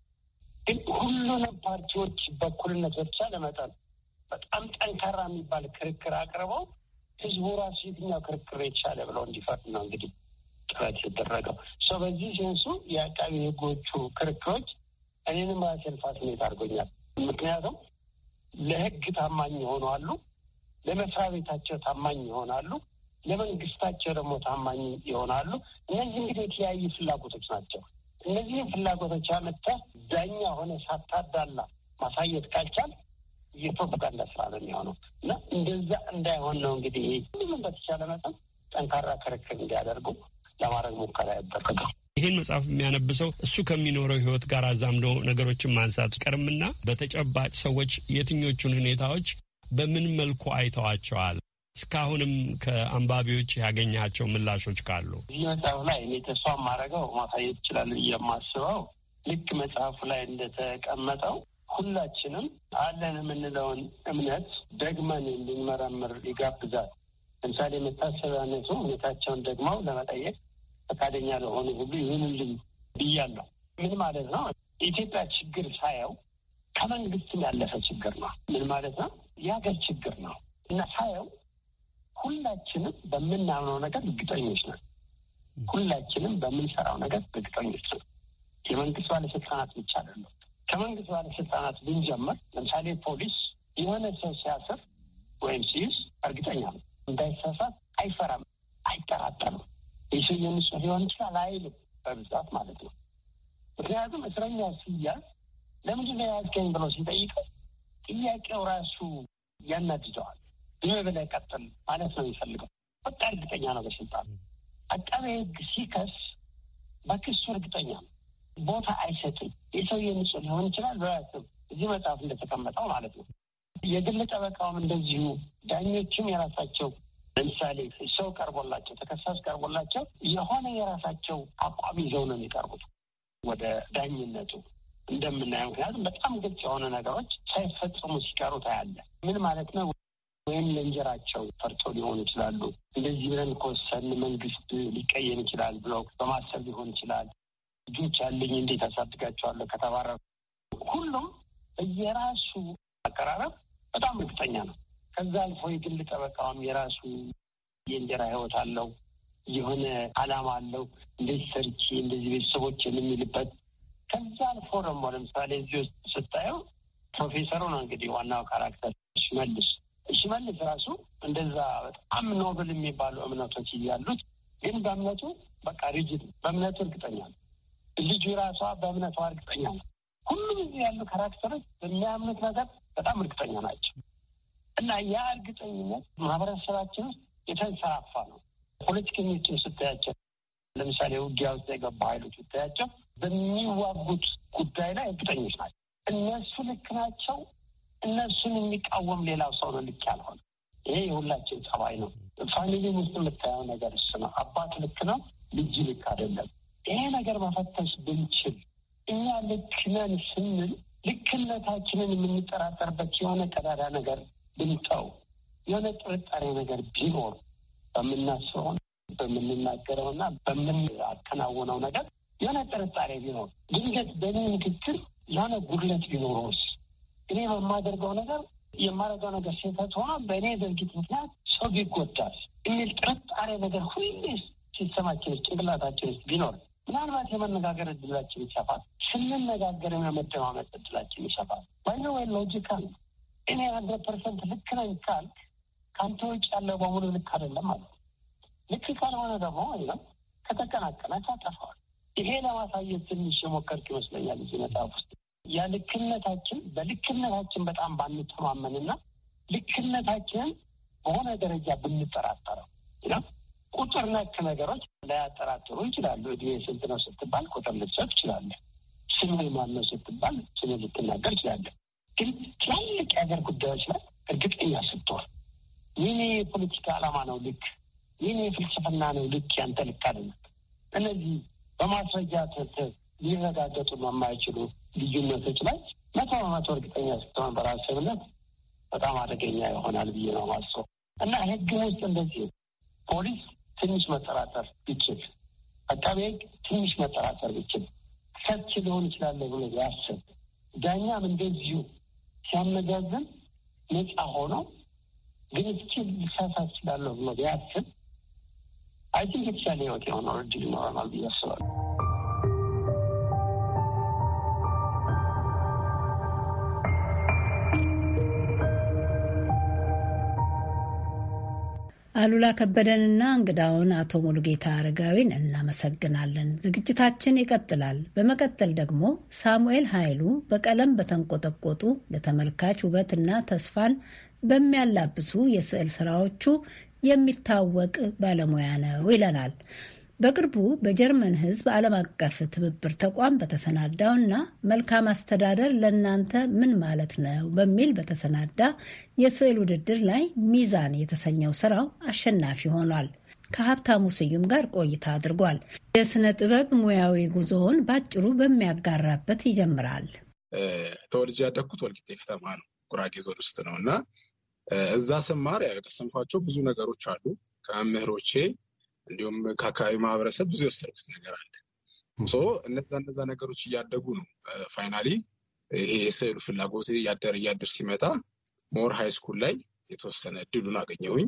I: ግን ሁሉንም ፓርቲዎች በኩልነት በተቻለ መጠን በጣም ጠንካራ የሚባል ክርክር አቅርበው ህዝቡ ራሱ የትኛው ክርክር የተሻለ ብለው እንዲፈርድ ነው እንግዲህ ጥረት የተደረገው ሰው በዚህ ሴንሱ የአቃቢ ህጎቹ ክርክሮች እኔንም ራሴን ፋሲኔት አድርጎኛል። ምክንያቱም ለህግ ታማኝ ይሆናሉ፣ ለመስሪያ ቤታቸው ታማኝ ይሆናሉ፣ ለመንግስታቸው ደግሞ ታማኝ ይሆናሉ። እነዚህ እንግዲህ የተለያዩ ፍላጎቶች ናቸው። እነዚህም ፍላጎቶች አመጥተህ ዳኛ ሆነ ሳታዳላ ማሳየት ካልቻል የፕሮፓጋንዳ ስራ ነው የሚሆነው እና እንደዛ እንዳይሆን ነው እንግዲህ ሁሉም በተቻለ መጠን ጠንካራ ክርክር እንዲያደርጉ ለማድረግ ሙከራ ያደረገው።
H: ይህን መጽሐፍ የሚያነብሰው እሱ ከሚኖረው ህይወት ጋር አዛምዶ ነገሮችን ማንሳት ቀርምና በተጨባጭ ሰዎች የትኞቹን ሁኔታዎች በምን መልኩ አይተዋቸዋል? እስካሁንም ከአንባቢዎች ያገኛቸው ምላሾች ካሉ
I: ይህ መጽሐፍ ላይ እኔ ተስፋ የማደርገው ማሳየት ይችላል ብዬ የማስበው ልክ መጽሐፉ ላይ እንደተቀመጠው ሁላችንም አለን የምንለውን እምነት ደግመን እንድንመረምር ይጋብዛል። ለምሳሌ መታሰቢያነቱ እምነታቸውን ደግመው ለመጠየቅ ፈቃደኛ ለሆኑ ሁሉ ይሁንልኝ ብያለሁ። ምን ማለት ነው? የኢትዮጵያ ችግር ሳየው ከመንግስትም ያለፈ ችግር ነው። ምን ማለት ነው? የሀገር ችግር ነው እና ሳየው ሁላችንም በምናምነው ነገር እርግጠኞች ነን። ሁላችንም በምንሰራው ነገር እርግጠኞች ነን። የመንግስት ባለስልጣናት ብቻ አይደለም። ከመንግስት ባለስልጣናት ብንጀምር፣ ለምሳሌ ፖሊስ የሆነ ሰው ሲያስር ወይም ሲይዝ እርግጠኛ ነው እንዳይሳሳት አይፈራም፣ አይጠራጠርም። የሰው ንጹህ ሊሆን ይችላል አይልም፣ በብዛት ማለት ነው። ምክንያቱም እስረኛ ሲያዝ ለምንድን ነው ያዝከኝ ብሎ ሲጠይቀው ጥያቄው ራሱ ያናድደዋል። ዝም ብለህ ቀጥል ማለት ነው የሚፈልገው። በቃ እርግጠኛ ነው በስልጣን አቃቤ ህግ ሲከስ በክሱ እርግጠኛ ነው። ቦታ አይሰጥም። የሰው የንጹህ ሊሆን ይችላል በያስብ እዚህ መጽሐፍ እንደተቀመጠው ማለት ነው። የግል ጠበቃውም እንደዚሁ፣ ዳኞችም የራሳቸው ለምሳሌ ሰው ቀርቦላቸው ተከሳሽ ቀርቦላቸው የሆነ የራሳቸው አቋም ይዘው ነው የሚቀርቡት ወደ ዳኝነቱ እንደምናየው። ምክንያቱም በጣም ግልጽ የሆነ ነገሮች ሳይፈጽሙ ሲቀሩ አያለ ምን ማለት ነው? ወይም ለእንጀራቸው ፈርተው ሊሆኑ ይችላሉ። እንደዚህ ብለን ከወሰን መንግስት ሊቀየም ይችላል ብለው በማሰብ ሊሆን ይችላል። ልጆች አለኝ እንዴት አሳድጋቸዋለሁ ከተባረሩ ሁሉም እየራሱ አቀራረብ በጣም እርግጠኛ ነው። ከዛ አልፎ የግል ጠበቃውም የራሱ የእንጀራ ህይወት አለው፣ የሆነ አላማ አለው። እንደዚህ ሰርቺ እንደዚህ ቤተሰቦች የምንልበት ከዛ አልፎ ደግሞ ለምሳሌ እዚህ ውስጥ ስታየው ፕሮፌሰሩ ነው እንግዲህ ዋናው ካራክተር ሽመልስ። ሽመልስ ራሱ እንደዛ በጣም ኖብል የሚባሉ እምነቶች እያሉት ግን በእምነቱ በቃ ሪጅድ በእምነቱ እርግጠኛ ነው። ልጁ የራሷ በእምነቷ እርግጠኛ ነው። ሁሉም እዚህ ያሉ ካራክተሮች በሚያምኑት ነገር በጣም እርግጠኛ ናቸው እና ያ እርግጠኝነት ማህበረሰባችን ውስጥ የተንሰራፋ ነው። ፖለቲከኞችን ስታያቸው ለምሳሌ ውጊያ ውስጥ የገባ ኃይሎች ስታያቸው በሚዋጉት ጉዳይ ላይ እርግጠኞች ናቸው። እነሱ ልክ ናቸው። እነሱን የሚቃወም ሌላው ሰው ነው ልክ ያልሆነ። ይሄ የሁላችን ጸባይ ነው። ፋሚሊ ውስጥ የምታየው ነገር እሱ ነው። አባት ልክ ነው፣ ልጅ ልክ አይደለም። ይሄ ነገር መፈተሽ ብንችል እኛ ልክ ነን ስንል ልክነታችንን የምንጠራጠርበት የሆነ ቀዳዳ ነገር ብንተው የሆነ ጥርጣሬ ነገር ቢኖር በምናስበው በምንናገረውና በምናከናውነው ነገር የሆነ ጥርጣሬ ቢኖር ድንገት በእኔ ንግግር የሆነ ጉድለት ቢኖረውስ እኔ በማደርገው ነገር የማደርገው ነገር ስህተት ሆኖ በእኔ ድርጊት ምክንያት ሰው ቢጎዳል የሚል ጥርጣሬ ነገር ሁሌ ሲሰማችን ጭንቅላታችን ውስጥ ቢኖር ምናልባት የመነጋገር እድላችን ይሰፋል። ስንነጋገርና መደማመጥ እድላችን ይሰፋል። ባይዘ ወይ ሎጂካል እኔ ሀንድረድ ፐርሰንት ልክ ነኝ ካልክ ከአንተ ውጭ ያለው በሙሉ ልክ አይደለም ማለት ነው። ልክ ካልሆነ ደግሞ ይም ከተቀናቀነ ታጠፈዋል። ይሄ ለማሳየት ትንሽ የሞከርክ ይመስለኛል እዚህ መጽሐፍ ውስጥ ያ ልክነታችን በልክነታችን በጣም ባንተማመንና ልክነታችንን በሆነ ደረጃ ብንጠራጠረው ይላል ቁጥር ነክ ነገሮች ላያጠራጥሩ ይችላሉ። እድሜ ስንት ነው ስትባል ቁጥር ልትሰጥ ትችላለህ። ስምህ ማነው ስትባል ስሜ ልትናገር ይችላለ። ግን ትላልቅ የሀገር ጉዳዮች ላይ እርግጠኛ ስትሆን ይህኔ የፖለቲካ ዓላማ ነው ልክ፣ ይህኔ የፍልስፍና ነው ልክ፣ ያንተ ልክ አለ። እነዚህ በማስረጃ ሊረጋገጡ የማይችሉ ልዩነቶች ላይ መቶ በመቶ እርግጠኛ ስትሆን በራስህ እምነት በጣም አደገኛ ይሆናል ብዬ ነው ማስበው እና ህግ ውስጥ እንደዚህ ፖሊስ ትንሽ መጠራጠር ይችል አቃቤ ሕግ ትንሽ መጠራጠር ይችል ሰች ሊሆን ይችላለ ብሎ ያስብ ዳኛም እንደዚሁ ሲያመዛዝን ነጻ ሆኖ ግን እስኪ ልሳሳት ይችላለሁ ብሎ ያስብ አይ ቲንክ የተሻለ ህይወት የሆነ እድል ይኖረናል ብዬ አስባለሁ።
A: አሉላ ከበደንና እንግዳውን አቶ ሙሉጌታ አረጋዊን እናመሰግናለን። ዝግጅታችን ይቀጥላል። በመቀጠል ደግሞ ሳሙኤል ኃይሉ በቀለም በተንቆጠቆጡ ለተመልካች ውበትና ተስፋን በሚያላብሱ የስዕል ስራዎቹ የሚታወቅ ባለሙያ ነው ይለናል። በቅርቡ በጀርመን ሕዝብ ዓለም አቀፍ ትብብር ተቋም በተሰናዳው እና መልካም አስተዳደር ለእናንተ ምን ማለት ነው በሚል በተሰናዳ የስዕል ውድድር ላይ ሚዛን የተሰኘው ስራው አሸናፊ ሆኗል። ከሀብታሙ ስዩም ጋር ቆይታ አድርጓል። የሥነ ጥበብ ሙያዊ ጉዞውን ባጭሩ በሚያጋራበት ይጀምራል።
J: ተወልጄ ያደግኩት ወልቂጤ ከተማ ነው፣ ጉራጌ ዞን ውስጥ ነው እና እዛ ስማር ያቀሰምኳቸው ብዙ ነገሮች አሉ ከመምህሮቼ እንዲሁም ከአካባቢ ማህበረሰብ ብዙ የወሰድኩት ነገር አለ። ሶ እነዛ እነዛ ነገሮች እያደጉ ነው ፋይናሊ ይሄ የስዕሉ ፍላጎት እያደር እያደር ሲመጣ ሞር ሃይ ስኩል ላይ የተወሰነ እድሉን አገኘሁኝ።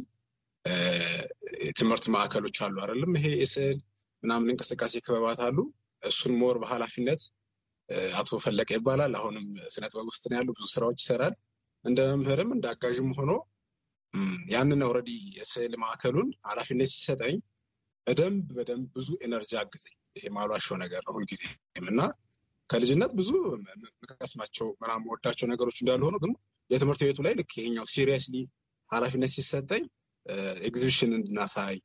J: ትምህርት ማዕከሎች አሉ አይደለም፣ ይሄ የስዕል ምናምን እንቅስቃሴ ክበባት አሉ። እሱን ሞር በኃላፊነት አቶ ፈለቀ ይባላል። አሁንም ስነ ጥበብ ውስጥ ነው ያሉ ብዙ ስራዎች ይሰራል። እንደ መምህርም እንደ አጋዥም ሆኖ ያንን ኦልሬዲ የስዕል ማዕከሉን ኃላፊነት ሲሰጠኝ በደንብ በደንብ ብዙ ኤነርጂ አግዘኝ። ይሄ ማሏሻው ነገር ነው ሁልጊዜም እና ከልጅነት ብዙ የምቀስማቸው ምናምን ወዳቸው ነገሮች እንዳሉ ሆኖ ግን የትምህርት ቤቱ ላይ ልክ ይሄኛው ሲሪየስሊ ኃላፊነት ሲሰጠኝ ኤግዚቢሽን እንድናሳይ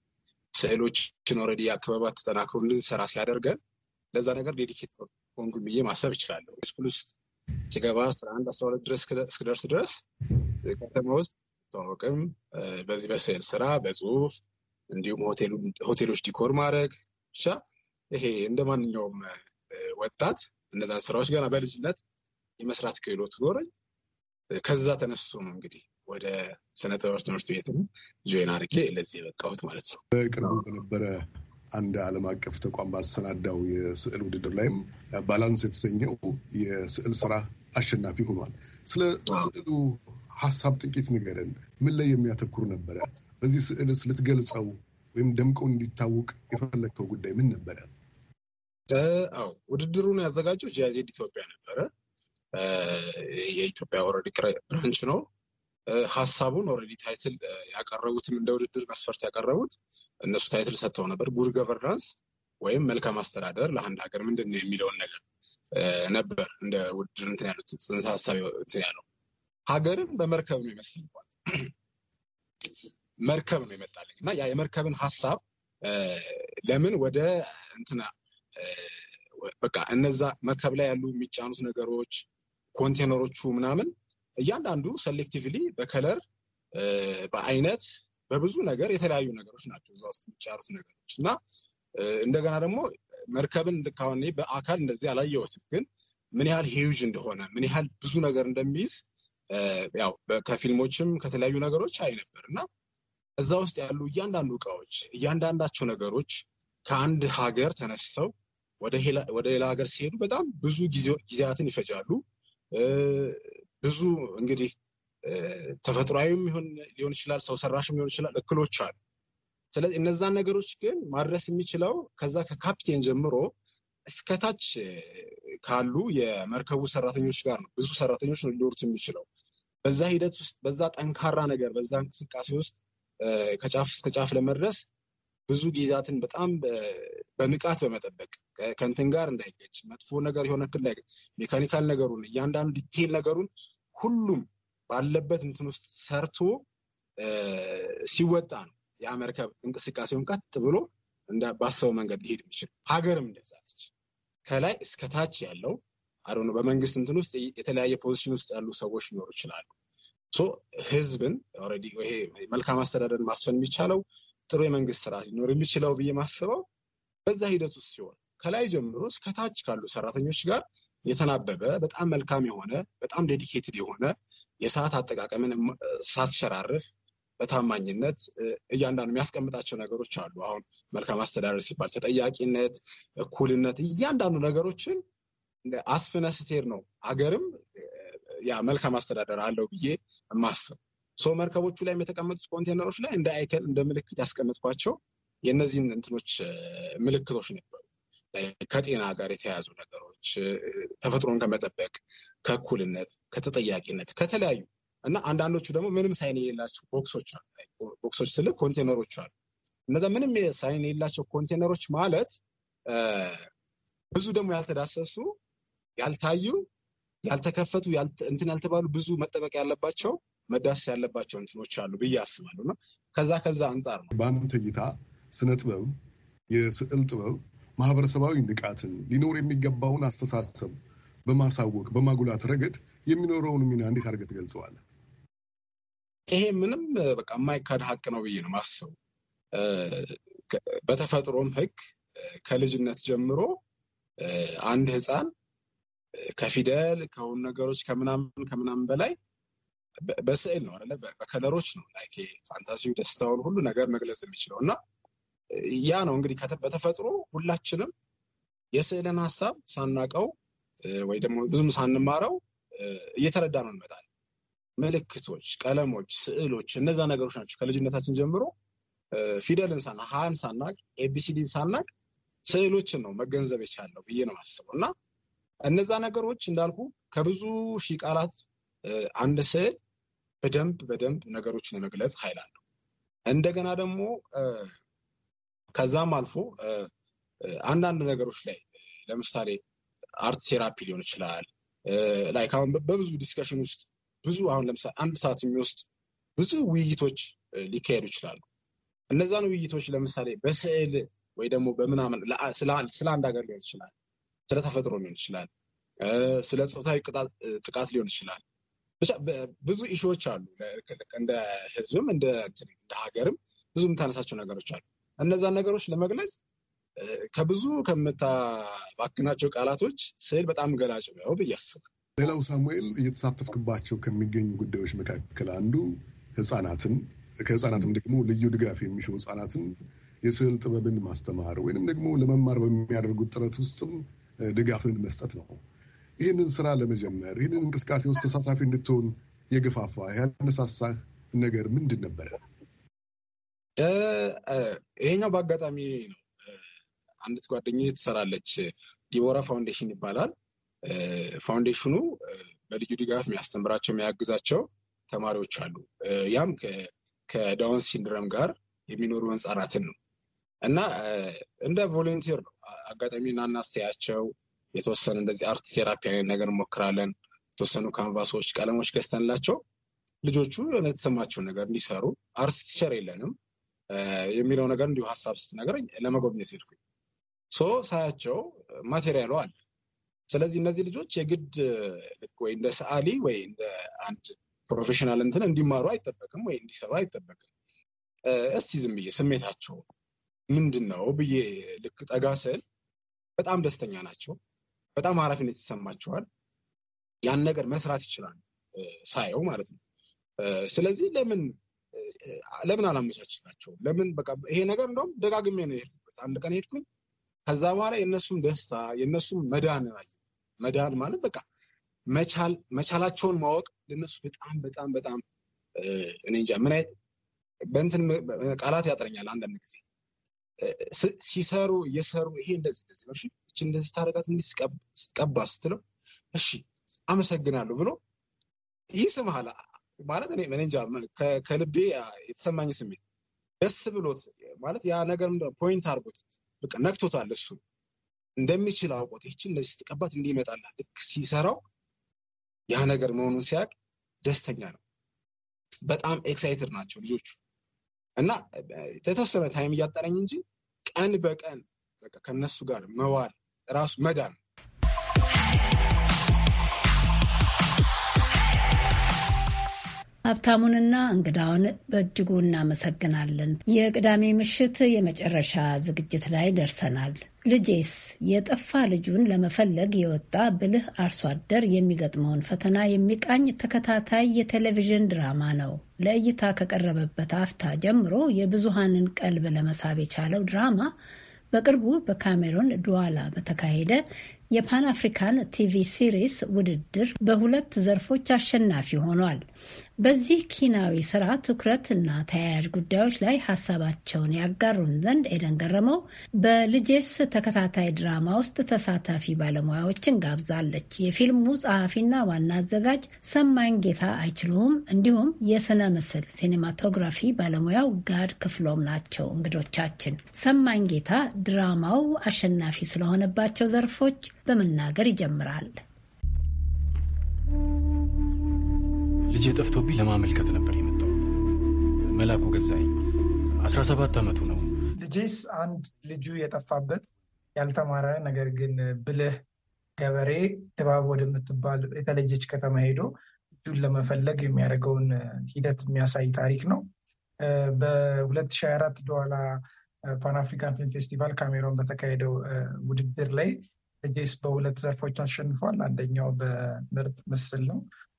J: ስዕሎችን ኦልሬዲ አክበባት ተጠናክሮ እንድንሰራ ሲያደርገን ለዛ ነገር ዴዲኬት ሆንኩ ብዬ ማሰብ እችላለሁ። ስኩል ውስጥ ሲገባ አስራ አንድ አስራ ሁለት ድረስ እስክደርስ ድረስ ከተማ ውስጥ ተዋወቅም በዚህ በስዕል ስራ በጽሁፍ እንዲሁም ሆቴሎች ዲኮር ማድረግ ብቻ ይሄ እንደ ማንኛውም ወጣት እነዛ ስራዎች ገና በልጅነት የመስራት ክህሎት ኖረኝ። ከዛ ተነስቶ ነው እንግዲህ ወደ ስነ ጥበብ ትምህርት ቤትም ጆይን አድርጌ ለዚህ የበቃሁት ማለት ነው። በቅርቡ በነበረ አንድ
E: ዓለም አቀፍ ተቋም ባሰናዳው የስዕል ውድድር ላይም ባላንስ የተሰኘው የስዕል ስራ አሸናፊ ሆኗል። ስለ ስዕሉ ሀሳብ ጥቂት ንገረን። ምን ላይ የሚያተኩር ነበረ? በዚህ ስዕልስ ልትገልጸው ወይም ደምቀው እንዲታወቅ የፈለግከው ጉዳይ ምን ነበረ?
J: አዎ ውድድሩን ያዘጋጀው ጂያዜድ ኢትዮጵያ ነበረ። የኢትዮጵያ ኦልሬዲ ብራንች ነው። ሀሳቡን ኦልሬዲ ታይትል ያቀረቡትም እንደ ውድድር መስፈርት ያቀረቡት እነሱ ታይትል ሰጥተው ነበር። ጉድ ገቨርናንስ ወይም መልካም አስተዳደር ለአንድ ሀገር ምንድን ነው የሚለውን ነገር ነበር እንደ ውድድር እንትን ያሉት ጽንሰ ሀሳብ እንትን ያለው ሀገርን በመርከብ ነው የመሰልኳት። መርከብ ነው የመጣልኝ እና ያ የመርከብን ሀሳብ ለምን ወደ እንትና በቃ እነዛ መርከብ ላይ ያሉ የሚጫኑት ነገሮች ኮንቴነሮቹ ምናምን እያንዳንዱ ሰሌክቲቭሊ በከለር በአይነት በብዙ ነገር የተለያዩ ነገሮች ናቸው እዛ ውስጥ የሚጫሩት ነገሮች እና እንደገና ደግሞ መርከብን ልክ በአካል እንደዚህ አላየሁትም፣ ግን ምን ያህል ሂዩጅ እንደሆነ ምን ያህል ብዙ ነገር እንደሚይዝ ያው ከፊልሞችም ከተለያዩ ነገሮች አይ ነበር እና እዛ ውስጥ ያሉ እያንዳንዱ እቃዎች እያንዳንዳቸው ነገሮች ከአንድ ሀገር ተነስተው ወደ ሌላ ሀገር ሲሄዱ በጣም ብዙ ጊዜያትን ይፈጃሉ። ብዙ እንግዲህ ተፈጥሯዊም ሊሆን ይችላል፣ ሰው ሰራሽም ሊሆን ይችላል፣ እክሎች አሉ። ስለዚህ እነዛን ነገሮች ግን ማድረስ የሚችለው ከዛ ከካፕቴን ጀምሮ እስከታች ካሉ የመርከቡ ሰራተኞች ጋር ነው። ብዙ ሰራተኞች ሊኖሩት የሚችለው በዛ ሂደት ውስጥ በዛ ጠንካራ ነገር በዛ እንቅስቃሴ ውስጥ ከጫፍ እስከ ጫፍ ለመድረስ ብዙ ጊዜያትን በጣም በንቃት በመጠበቅ ከእንትን ጋር እንዳይገጭ መጥፎ ነገር የሆነ ክል ሜካኒካል ነገሩን እያንዳንዱ ዲቴል ነገሩን ሁሉም ባለበት እንትን ውስጥ ሰርቶ ሲወጣ ነው ያ መርከብ እንቅስቃሴውን ቀጥ ብሎ ባሰበው መንገድ ሊሄድ የሚችል ሀገርም እንደዛለች ከላይ እስከታች ያለው አሮነ በመንግስት እንትን ውስጥ የተለያየ ፖዚሽን ውስጥ ያሉ ሰዎች ሊኖሩ ይችላሉ። ህዝብን ኦልሬዲ ይሄ መልካም አስተዳደር ማስፈን የሚቻለው ጥሩ የመንግስት ስርዓት ሊኖር የሚችለው ብዬ ማስበው በዛ ሂደት ውስጥ ሲሆን ከላይ ጀምሮ ከታች ካሉ ሰራተኞች ጋር የተናበበ በጣም መልካም የሆነ በጣም ዴዲኬትድ የሆነ የሰዓት አጠቃቀምን ሳትሸራርፍ በታማኝነት እያንዳንዱ የሚያስቀምጣቸው ነገሮች አሉ። አሁን መልካም አስተዳደር ሲባል ተጠያቂነት፣ እኩልነት እያንዳንዱ ነገሮችን አስፍነ ስቴር ነው አገርም ያ መልካም አስተዳደር አለው ብዬ ማስብ ሰው መርከቦቹ ላይ የተቀመጡት ኮንቴነሮች ላይ እንደ አይከን እንደ ምልክት ያስቀመጥኳቸው የእነዚህን እንትኖች ምልክቶች ነበሩ። ከጤና ጋር የተያያዙ ነገሮች፣ ተፈጥሮን ከመጠበቅ፣ ከእኩልነት፣ ከተጠያቂነት ከተለያዩ እና አንዳንዶቹ ደግሞ ምንም ሳይን የሌላቸው ቦክሶች አሉ። ቦክሶች ስልክ ኮንቴነሮች አሉ። እነዛ ምንም ሳይን የሌላቸው ኮንቴነሮች ማለት ብዙ ደግሞ ያልተዳሰሱ ያልታዩ ያልተከፈቱ እንትን ያልተባሉ ብዙ መጠበቅ ያለባቸው መዳሰስ ያለባቸው እንትኖች አሉ ብዬ አስባለሁ እና ከዛ ከዛ አንጻር ነው በአንተ እይታ
E: ስነ ጥበብ የስዕል ጥበብ ማህበረሰባዊ ንቃትን ሊኖር የሚገባውን አስተሳሰብ በማሳወቅ በማጉላት ረገድ የሚኖረውን ሚና እንዴት አድርገህ ትገልጸዋለህ? ይሄ ምንም
J: በቃ የማይካድ ሀቅ ነው ብዬ ነው የማስበው። በተፈጥሮም ህግ ከልጅነት ጀምሮ አንድ ህፃን። ከፊደል ከሁን ነገሮች ከምናምን ከምናምን በላይ በስዕል ነው አለ በከለሮች ነው ላይ ፋንታሲው ደስታውን ሁሉ ነገር መግለጽ የሚችለው እና ያ ነው እንግዲህ በተፈጥሮ ሁላችንም የስዕልን ሀሳብ ሳናቀው ወይ ደግሞ ብዙም ሳንማረው እየተረዳ ነው እንመጣል ምልክቶች፣ ቀለሞች፣ ስዕሎች እነዛ ነገሮች ናቸው ከልጅነታችን ጀምሮ ፊደልን ሳና ሀን ሳናቅ ኤቢሲዲን ሳናቅ ስዕሎችን ነው መገንዘብ የቻለው ብዬ ነው ማስበው እና እነዛ ነገሮች እንዳልኩ ከብዙ ሺህ ቃላት አንድ ስዕል በደንብ በደንብ ነገሮችን የመግለጽ ኃይል አለው። እንደገና ደግሞ ከዛም አልፎ አንዳንድ ነገሮች ላይ ለምሳሌ አርት ቴራፒ ሊሆን ይችላል። ላይ አሁን በብዙ ዲስከሽን ውስጥ ብዙ አሁን ለምሳሌ አንድ ሰዓት የሚወስድ ብዙ ውይይቶች ሊካሄዱ ይችላሉ። እነዛን ውይይቶች ለምሳሌ በስዕል ወይ ደግሞ በምናምን ስለ አንድ ሀገር ሊሆን ይችላል ስለ ተፈጥሮ ሊሆን ይችላል፣ ስለ ፆታዊ ጥቃት ሊሆን ይችላል። ብቻ ብዙ ኢሹዎች አሉ። እንደ ህዝብም እንደ ሀገርም ብዙ የምታነሳቸው ነገሮች አሉ። እነዛን ነገሮች ለመግለጽ ከብዙ ከምታባክናቸው ቃላቶች ስዕል በጣም ገላጭ ነው ብዬ አስባለሁ።
E: ሌላው ሳሙኤል እየተሳተፍክባቸው ከሚገኙ ጉዳዮች መካከል አንዱ ህጻናትን ከህጻናትም ደግሞ ልዩ ድጋፍ የሚሹ ህጻናትን የስዕል ጥበብን ማስተማር ወይንም ደግሞ ለመማር በሚያደርጉት ጥረት ውስጥም ድጋፍን መስጠት ነው። ይህንን ስራ ለመጀመር ይህንን እንቅስቃሴ ውስጥ ተሳታፊ እንድትሆን የገፋፋ ያነሳሳህ ነገር ምንድን
J: ነበረ? ይሄኛው በአጋጣሚ ነው። አንዲት ጓደኛዬ ትሰራለች። ዲቦራ ፋውንዴሽን ይባላል። ፋውንዴሽኑ በልዩ ድጋፍ የሚያስተምራቸው የሚያግዛቸው ተማሪዎች አሉ። ያም ከዳውን ሲንድረም ጋር የሚኖሩ ህጻናትን ነው። እና እንደ ቮለንቲር ነው አጋጣሚ እናናስተያቸው የተወሰነ እንደዚህ አርት ቴራፒ አይነት ነገር እንሞክራለን። የተወሰኑ ካንቫሶች፣ ቀለሞች ገዝተንላቸው ልጆቹ የሆነ የተሰማቸውን ነገር እንዲሰሩ አርት ቲቸር የለንም የሚለው ነገር እንዲሁ ሀሳብ ስትነግረኝ ለመጎብኘት ሄድኩኝ። ሶ ሳያቸው ማቴሪያሉ አለ። ስለዚህ እነዚህ ልጆች የግድ ወይ እንደ ሰዓሊ ወይ እንደ አንድ ፕሮፌሽናል እንትን እንዲማሩ አይጠበቅም ወይ እንዲሰሩ አይጠበቅም። እስቲ ዝም ብዬ ስሜታቸው ምንድን ነው ብዬ ልክ ጠጋ ስል በጣም ደስተኛ ናቸው። በጣም ኃላፊነት ይሰማቸዋል። ያን ነገር መስራት ይችላል ሳየው ማለት ነው። ስለዚህ ለምን ለምን አላመቻችላቸውም? ለምን በቃ ይሄ ነገር እንደውም ደጋግሜ ነው የሄድኩበት። አንድ ቀን ሄድኩኝ። ከዛ በኋላ የእነሱም ደስታ የእነሱም መዳን መዳን ማለት በቃ መቻል መቻላቸውን ማወቅ ለነሱ በጣም በጣም በጣም እኔ እንጃ ምን አይነት በእንትን ቃላት ያጥረኛል አንዳንድ ጊዜ ሲሰሩ እየሰሩ ይሄ እንደዚህ እንደዚህ ነው፣ እሺ እንደዚህ ታደረጋት እንዲህ ቀባ ስትለው እሺ አመሰግናለሁ ብሎ ይስምሃል። ማለት እኔ እንጃ ከልቤ የተሰማኝ ስሜት ደስ ብሎት ማለት ያ ነገር ፖይንት አድርጎት በቃ ነክቶታል። እሱ እንደሚችል አውቆት ይች እንደዚህ ስትቀባት እንዲህ ይመጣላል። ልክ ሲሰራው ያ ነገር መሆኑን ሲያቅ ደስተኛ ነው። በጣም ኤክሳይትድ ናቸው ልጆቹ እና የተወሰነ ታይም እያጠረኝ እንጂ ቀን በቀን በቃ ከነሱ ጋር መዋል ራሱ መዳን
A: ሀብታሙንና እንግዳውን በእጅጉ እናመሰግናለን። የቅዳሜ ምሽት የመጨረሻ ዝግጅት ላይ ደርሰናል። ልጄስ የጠፋ ልጁን ለመፈለግ የወጣ ብልህ አርሶ አደር የሚገጥመውን ፈተና የሚቃኝ ተከታታይ የቴሌቪዥን ድራማ ነው። ለእይታ ከቀረበበት አፍታ ጀምሮ የብዙሃንን ቀልብ ለመሳብ የቻለው ድራማ በቅርቡ በካሜሮን ዱዋላ በተካሄደ የፓን አፍሪካን ቲቪ ሲሪስ ውድድር በሁለት ዘርፎች አሸናፊ ሆኗል። በዚህ ኪናዊ ስራ ትኩረት እና ተያያዥ ጉዳዮች ላይ ሀሳባቸውን ያጋሩን ዘንድ ኤደን ገረመው በልጄስ ተከታታይ ድራማ ውስጥ ተሳታፊ ባለሙያዎችን ጋብዛለች። የፊልሙ ጸሐፊና ዋና አዘጋጅ ሰማኝ ጌታ አይችሉም፣ እንዲሁም የስነ ምስል ሲኒማቶግራፊ ባለሙያው ጋድ ክፍሎም ናቸው እንግዶቻችን። ሰማኝ ጌታ ድራማው አሸናፊ ስለሆነባቸው ዘርፎች በመናገር ይጀምራል።
I: ልጄ ጠፍቶብኝ ለማመልከት ነበር የመጣው። መላኩ ገዛኝ አስራ ሰባት ዓመቱ ነው።
K: ልጄስ አንድ ልጁ የጠፋበት ያልተማረ ነገር ግን ብልህ ገበሬ ድባብ ወደምትባል የተለየች ከተማ ሄዶ ልጁን ለመፈለግ የሚያደርገውን ሂደት የሚያሳይ ታሪክ ነው። በ2024 ደኋላ ፓን አፍሪካን ፊልም ፌስቲቫል ካሜሮን በተካሄደው ውድድር ላይ ጄስ በሁለት ዘርፎች አሸንፏል። አንደኛው በምርጥ ምስል ነው።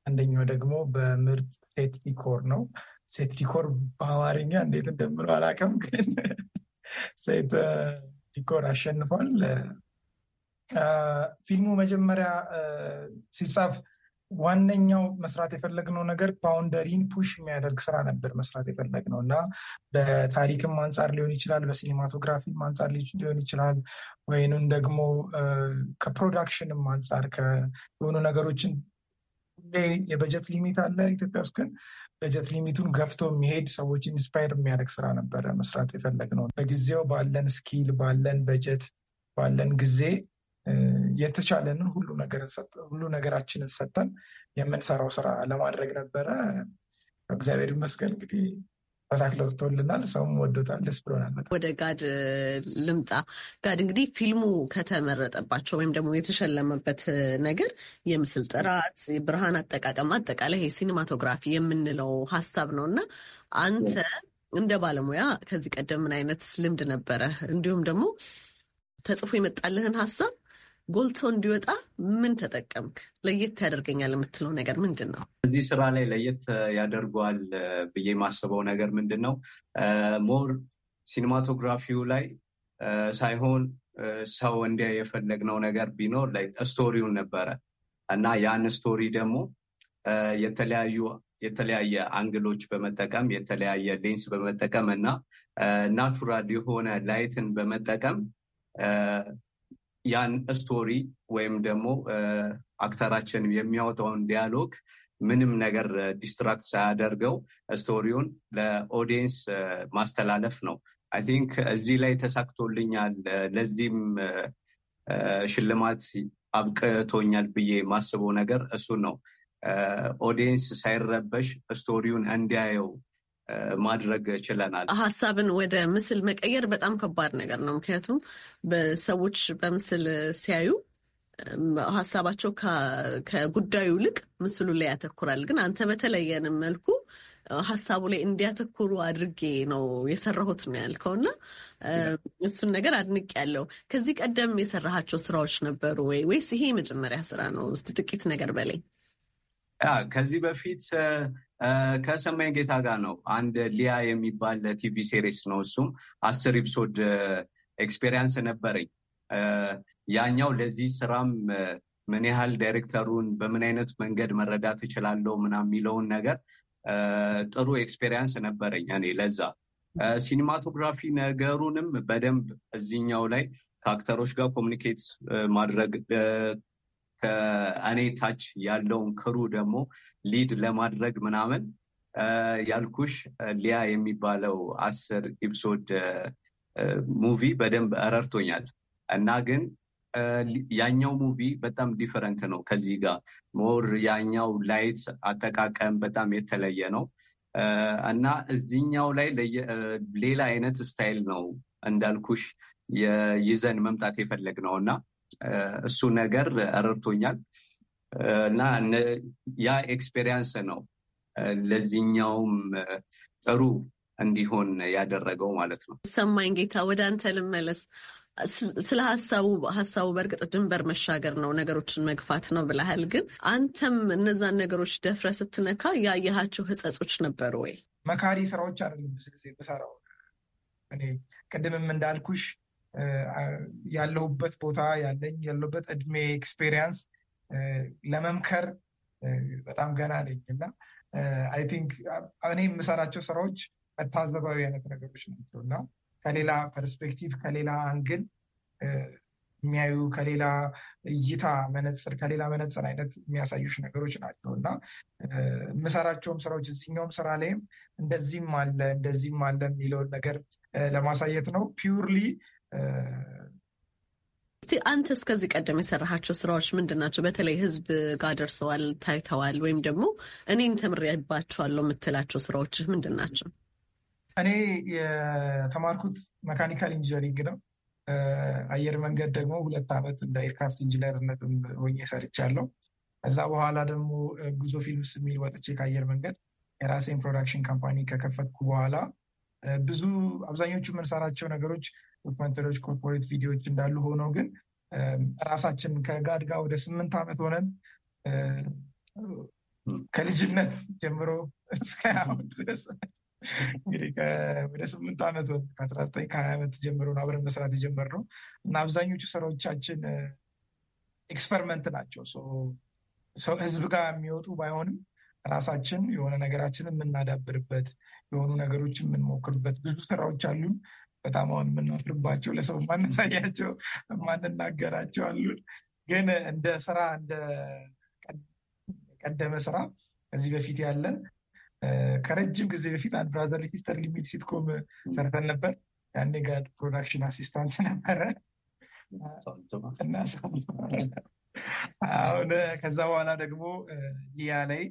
K: አንደኛው ደግሞ በምርጥ ሴት ዲኮር ነው። ሴት ዲኮር በአማርኛ እንዴት እንደምለው አላውቅም፣ ግን ሴት ዲኮር አሸንፏል። ፊልሙ መጀመሪያ ሲጻፍ ዋነኛው መስራት የፈለግነው ነገር ባውንደሪን ፑሽ የሚያደርግ ስራ ነበር መስራት የፈለግነው እና በታሪክም አንጻር ሊሆን ይችላል፣ በሲኒማቶግራፊም አንጻር ሊሆን ይችላል፣ ወይንም ደግሞ ከፕሮዳክሽንም አንጻር የሆኑ ነገሮችን የበጀት ሊሚት አለ ኢትዮጵያ ውስጥ ግን በጀት ሊሚቱን ገፍቶ የሚሄድ ሰዎች ኢንስፓየር የሚያደርግ ስራ ነበረ መስራት የፈለግነው በጊዜው ባለን ስኪል ባለን በጀት ባለን ጊዜ የተቻለንን ሁሉ ሁሉ ነገራችንን ሰጥተን የምንሰራው ስራ ለማድረግ ነበረ። እግዚአብሔር ይመስገን እንግዲህ ተሳክሎልናል። ሰውም ወዶታል። ደስ ብሎናል።
L: ወደ ጋድ ልምጣ። ጋድ እንግዲህ ፊልሙ ከተመረጠባቸው ወይም ደግሞ የተሸለመበት ነገር የምስል ጥራት፣ የብርሃን አጠቃቀም፣ አጠቃላይ ሲኒማቶግራፊ የምንለው ሀሳብ ነው እና አንተ እንደ ባለሙያ ከዚህ ቀደም ምን አይነት ልምድ ነበረ? እንዲሁም ደግሞ ተጽፎ የመጣልህን ሀሳብ ጎልቶ እንዲወጣ ምን ተጠቀምክ? ለየት ያደርገኛል የምትለው ነገር ምንድን ነው?
M: እዚህ ስራ ላይ ለየት ያደርገዋል ብዬ የማስበው ነገር ምንድን ነው? ሞር ሲኒማቶግራፊው ላይ ሳይሆን ሰው እንዲ የፈለግነው ነገር ቢኖር ስቶሪውን ነበረ እና ያን ስቶሪ ደግሞ የተለያዩ የተለያየ አንግሎች በመጠቀም የተለያየ ሌንስ በመጠቀም እና ናቹራል የሆነ ላይትን በመጠቀም ያን ስቶሪ ወይም ደግሞ አክተራችን የሚያወጣውን ዲያሎግ ምንም ነገር ዲስትራክት ሳያደርገው ስቶሪውን ለኦዲየንስ ማስተላለፍ ነው። አይ ቲንክ እዚህ ላይ ተሳክቶልኛል። ለዚህም ሽልማት አብቅቶኛል ብዬ ማስበው ነገር እሱ ነው። ኦዲየንስ ሳይረበሽ ስቶሪውን እንዲያየው ማድረግ ችለናል።
L: ሀሳብን ወደ ምስል መቀየር በጣም ከባድ ነገር ነው። ምክንያቱም በሰዎች በምስል ሲያዩ ሀሳባቸው ከጉዳዩ ይልቅ ምስሉ ላይ ያተኩራል። ግን አንተ በተለየንም መልኩ ሀሳቡ ላይ እንዲያተኩሩ አድርጌ ነው የሰራሁት ነው ያልከውና እሱን ነገር አድንቅ ያለው። ከዚህ ቀደም የሰራሃቸው ስራዎች ነበሩ ወይ ወይስ ይሄ የመጀመሪያ ስራ ነው? እስኪ ጥቂት ነገር በላይ
M: ከዚህ በፊት ከሰማይ ጌታ ጋር ነው። አንድ ሊያ የሚባል ቲቪ ሴሪስ ነው። እሱም አስር ኤፒሶድ ኤክስፔሪያንስ ነበረኝ። ያኛው ለዚህ ስራም ምን ያህል ዳይሬክተሩን በምን አይነት መንገድ መረዳት እችላለሁ ምናምን የሚለውን ነገር ጥሩ ኤክስፔሪያንስ ነበረኝ። እኔ ለዛ ሲኒማቶግራፊ ነገሩንም በደንብ እዚኛው ላይ ከአክተሮች ጋር ኮሚኒኬት ማድረግ ከእኔ ታች ያለውን ክሩ ደግሞ ሊድ ለማድረግ ምናምን ያልኩሽ ሊያ የሚባለው አስር ኢፕሶድ ሙቪ በደንብ ረድቶኛል እና ግን ያኛው ሙቪ በጣም ዲፈረንት ነው ከዚህ ጋር ሞር ያኛው ላይት አጠቃቀም በጣም የተለየ ነው እና እዚኛው ላይ ሌላ አይነት ስታይል ነው እንዳልኩሽ ይዘን መምጣት የፈለግ ነው እና እሱ ነገር ረድቶኛል እና ያ ኤክስፔሪንስ ነው ለዚህኛውም ጥሩ እንዲሆን ያደረገው ማለት ነው።
L: ሰማኝ ጌታ፣ ወደ አንተ ልመለስ። ስለ ሀሳቡ ሀሳቡ በእርግጥ ድንበር መሻገር ነው፣ ነገሮችን መግፋት ነው ብለሃል። ግን አንተም እነዛን ነገሮች ደፍረ ስትነካ ያየሃቸው ህጸጾች ነበሩ ወይ?
K: መካሪ ስራዎች አይደለም ብዙ ጊዜ ብሰራው እኔ ቅድምም እንዳልኩሽ ያለሁበት ቦታ ያለኝ ያለሁበት እድሜ ኤክስፔሪየንስ ለመምከር በጣም ገና ነኝ እና አይ ቲንክ እኔ የምሰራቸው ስራዎች መታዘባዊ አይነት ነገሮች ናቸው እና ከሌላ ፐርስፔክቲቭ ከሌላ አንግል የሚያዩ ከሌላ እይታ መነፅር ከሌላ መነፅር አይነት የሚያሳዩች ነገሮች ናቸው እና የምሰራቸውም ስራዎች እዚኛውም ስራ ላይም እንደዚህም አለ እንደዚህም አለ የሚለውን ነገር ለማሳየት ነው ፒውርሊ
L: እስቲ አንተ እስከዚህ ቀደም የሰራሃቸው ስራዎች ምንድን ናቸው? በተለይ ህዝብ ጋር ደርሰዋል፣ ታይተዋል፣ ወይም ደግሞ እኔም ተምሬባቸዋለሁ የምትላቸው ስራዎች ምንድን ናቸው?
K: እኔ የተማርኩት መካኒካል ኢንጂነሪንግ ነው። አየር መንገድ ደግሞ ሁለት ዓመት እንደ ኤርክራፍት ኢንጂነርነትም ሆኜ ሰርቻለሁ። ከዛ በኋላ ደግሞ ጉዞ ፊልምስ የሚል ወጥቼ ከአየር መንገድ የራሴን ፕሮዳክሽን ካምፓኒ ከከፈትኩ በኋላ ብዙ አብዛኞቹ የምንሰራቸው ነገሮች ዶክመንተሪዎች፣ ኮርፖሬት ቪዲዮዎች እንዳሉ ሆነው ግን ራሳችን ከጋድ ጋር ወደ ስምንት ዓመት ሆነን ከልጅነት ጀምሮ እስከ አሁን ድረስ እንግዲህ ወደ ስምንት ዓመት ከአስራ ዘጠኝ ከሀያ ዓመት ጀምሮ አብረን መስራት የጀመርነው እና አብዛኞቹ ስራዎቻችን ኤክስፐሪመንት ናቸው። ሰው ህዝብ ጋር የሚወጡ ባይሆንም ራሳችን የሆነ ነገራችን የምናዳብርበት የሆኑ ነገሮች የምንሞክርበት ብዙ ስራዎች አሉን። በጣም አሁን የምናፍርባቸው ለሰው ማናሳያቸው ማንናገራቸው አሉን። ግን እንደ ስራ እንደ ቀደመ ስራ ከዚህ በፊት ያለን ከረጅም ጊዜ በፊት አንድ ብራዘር ሊት ሲስተር ሲትኮም ሰርተን ነበር። ያኔ ጋር ፕሮዳክሽን አሲስታንት ነበረ እና አሁን ከዛ በኋላ ደግሞ ሊያ ላይ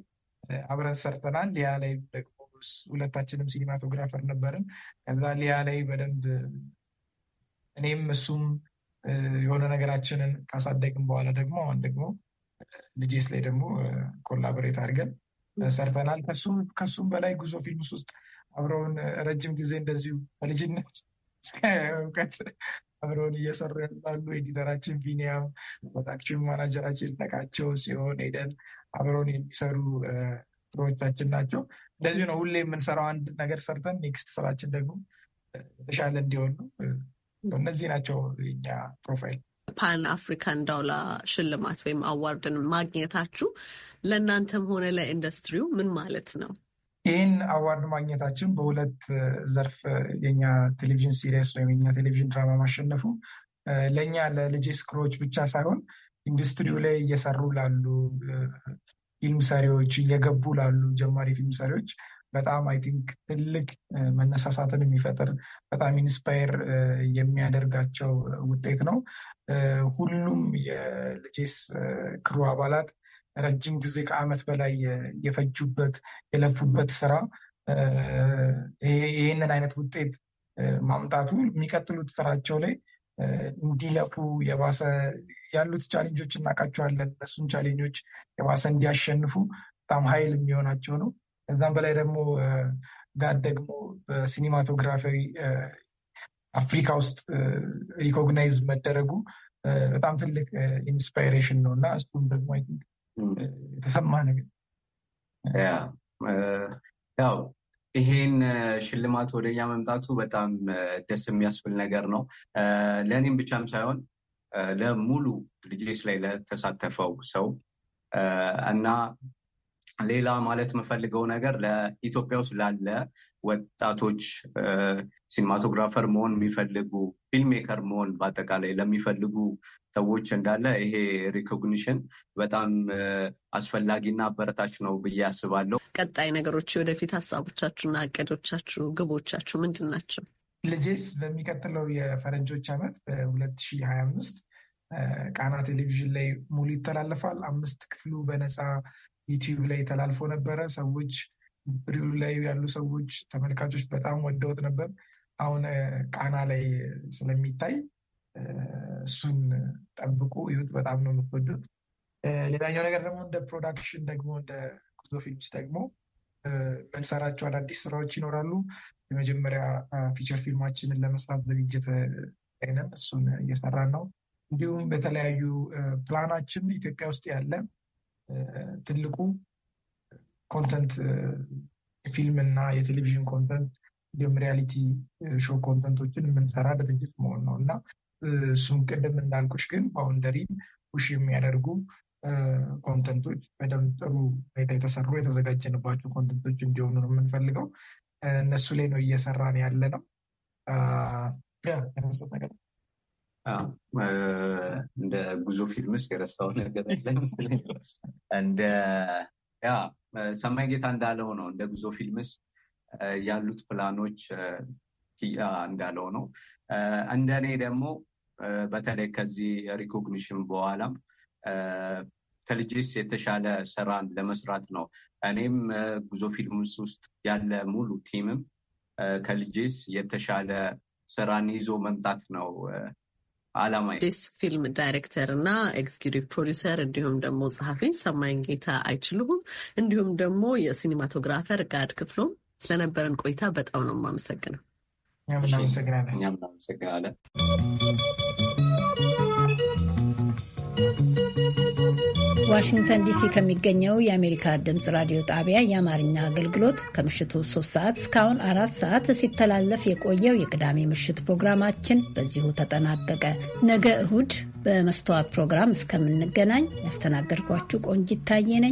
K: አብረን ሰርተናል። ሊያ ላይ ደግሞ ሁለታችንም ሲኒማቶግራፈር ነበርን። ከዛ ሊያ ላይ በደንብ እኔም እሱም የሆነ ነገራችንን ካሳደግን በኋላ ደግሞ አሁን ደግሞ ልጄስ ላይ ደግሞ ኮላቦሬት አድርገን ሰርተናል። ከሱም በላይ ጉዞ ፊልምስ ውስጥ አብረውን ረጅም ጊዜ እንደዚሁ በልጅነት እውቀት አብረውን እየሰሩ ያሉ ኤዲተራችን ቢኒያም፣ ፕሮዳክሽን ማናጀራችን ነቃቸው ሲሆን ሄደን አብረውን የሚሰሩ ስራዎቻችን ናቸው። እንደዚሁ ነው ሁሌ የምንሰራው። አንድ ነገር ሰርተን ኔክስት ስራችን ደግሞ የተሻለ እንዲሆን ነው። እነዚህ ናቸው የኛ ፕሮፋይል።
L: ፓን አፍሪካን ዳውላ ሽልማት ወይም አዋርድን ማግኘታችሁ ለእናንተም ሆነ ለኢንዱስትሪው ምን ማለት ነው?
K: ይህን አዋርድ ማግኘታችን በሁለት ዘርፍ የኛ ቴሌቪዥን ሲሪስ ወይም የኛ ቴሌቪዥን ድራማ ማሸነፉ ለእኛ ለልጅ ስክሮች ብቻ ሳይሆን ኢንዱስትሪው ላይ እየሰሩ ላሉ ፊልም ሰሪዎች እየገቡ ላሉ ጀማሪ ፊልም ሰሪዎች በጣም አይ ቲንክ ትልቅ መነሳሳትን የሚፈጥር በጣም ኢንስፓየር የሚያደርጋቸው ውጤት ነው። ሁሉም የልጄስ ክሩ አባላት ረጅም ጊዜ ከዓመት በላይ የፈጁበት የለፉበት ስራ ይህንን አይነት ውጤት ማምጣቱ የሚቀጥሉት ስራቸው ላይ እንዲለፉ የባሰ ያሉት ቻሌንጆች እናውቃቸዋለን። እነሱን ቻሌንጆች የባሰ እንዲያሸንፉ በጣም ኃይል የሚሆናቸው ነው። ከዛም በላይ ደግሞ ጋር ደግሞ በሲኒማቶግራፊ አፍሪካ ውስጥ ሪኮግናይዝ መደረጉ በጣም ትልቅ ኢንስፓይሬሽን ነው እና እሱም ደግሞ የተሰማ ነገር
M: ያው ይሄን ሽልማት ወደኛ መምጣቱ በጣም ደስ የሚያስብል ነገር ነው። ለእኔም ብቻም ሳይሆን ለሙሉ ድርጅት ላይ ለተሳተፈው ሰው እና ሌላ ማለት የምፈልገው ነገር ለኢትዮጵያ ውስጥ ላለ ወጣቶች ሲኒማቶግራፈር መሆን የሚፈልጉ ፊልሜከር መሆን በአጠቃላይ ለሚፈልጉ ሰዎች እንዳለ ይሄ ሪኮግኒሽን በጣም አስፈላጊና አበረታች ነው ብዬ አስባለሁ። ቀጣይ ነገሮች ወደፊት ሀሳቦቻችሁና እቅዶቻችሁ
L: ግቦቻችሁ ምንድን ናቸው?
K: ልጄስ በሚቀጥለው የፈረንጆች ዓመት በ2025 ቃና ቴሌቪዥን ላይ ሙሉ ይተላለፋል። አምስት ክፍሉ በነፃ ዩቲዩብ ላይ ተላልፎ ነበረ። ሰዎች ሪሉ ላይ ያሉ ሰዎች ተመልካቾች በጣም ወደውት ነበር። አሁን ቃና ላይ ስለሚታይ እሱን ጠብቁ ይሁት። በጣም ነው የምትወዱት። ሌላኛው ነገር ደግሞ እንደ ፕሮዳክሽን ደግሞ እንደ ጉዞ ፊልምስ ደግሞ የምንሰራቸው አዳዲስ ስራዎች ይኖራሉ። የመጀመሪያ ፊቸር ፊልማችንን ለመስራት ዝግጅት ላይ ነን። እሱን እየሰራን ነው። እንዲሁም በተለያዩ ፕላናችን ኢትዮጵያ ውስጥ ያለ ትልቁ ኮንተንት ፊልም እና የቴሌቪዥን ኮንተንት እንዲሁም ሪያሊቲ ሾው ኮንተንቶችን የምንሰራ ድርጅት መሆን ነው እና እሱም ቅድም እንዳልኩሽ ግን ባውንደሪን ፑሽ የሚያደርጉ ኮንተንቶች በደንብ ጥሩ ሁኔታ የተሰሩ የተዘጋጀንባቸው ኮንተንቶች እንዲሆኑ ነው የምንፈልገው። እነሱ ላይ ነው እየሰራን ያለ ነው።
M: እንደ ጉዞ ፊልም ውስጥ የረሳው ነገር እንደ ያ ሰማይ ጌታ እንዳለው ነው። እንደ ጉዞ ፊልምስ ያሉት ፕላኖች እንዳለው ነው። እንደኔ ደግሞ በተለይ ከዚህ ሪኮግኒሽን በኋላም ከልጅስ የተሻለ ስራን ለመስራት ነው። እኔም ጉዞ ፊልምስ ውስጥ ያለ ሙሉ ቲምም ከልጅስ የተሻለ ስራን ይዞ መምጣት ነው አላማ
L: ስ ፊልም ዳይሬክተር እና ኤግዚኪቲቭ ፕሮዲሰር እንዲሁም ደግሞ ጸሐፊ ሰማይን ጌታ አይችልሁም እንዲሁም ደግሞ የሲኒማቶግራፈር ጋድ ክፍሎም ስለነበረን ቆይታ በጣም
K: ነው የማመሰግነው። እናመሰግናለን።
A: ዋሽንግተን ዲሲ ከሚገኘው የአሜሪካ ድምፅ ራዲዮ ጣቢያ የአማርኛ አገልግሎት ከምሽቱ 3 ሰዓት እስካሁን አራት ሰዓት ሲተላለፍ የቆየው የቅዳሜ ምሽት ፕሮግራማችን በዚሁ ተጠናቀቀ። ነገ እሁድ በመስተዋት ፕሮግራም እስከምንገናኝ ያስተናገድኳችሁ ቆንጂት ነኝ።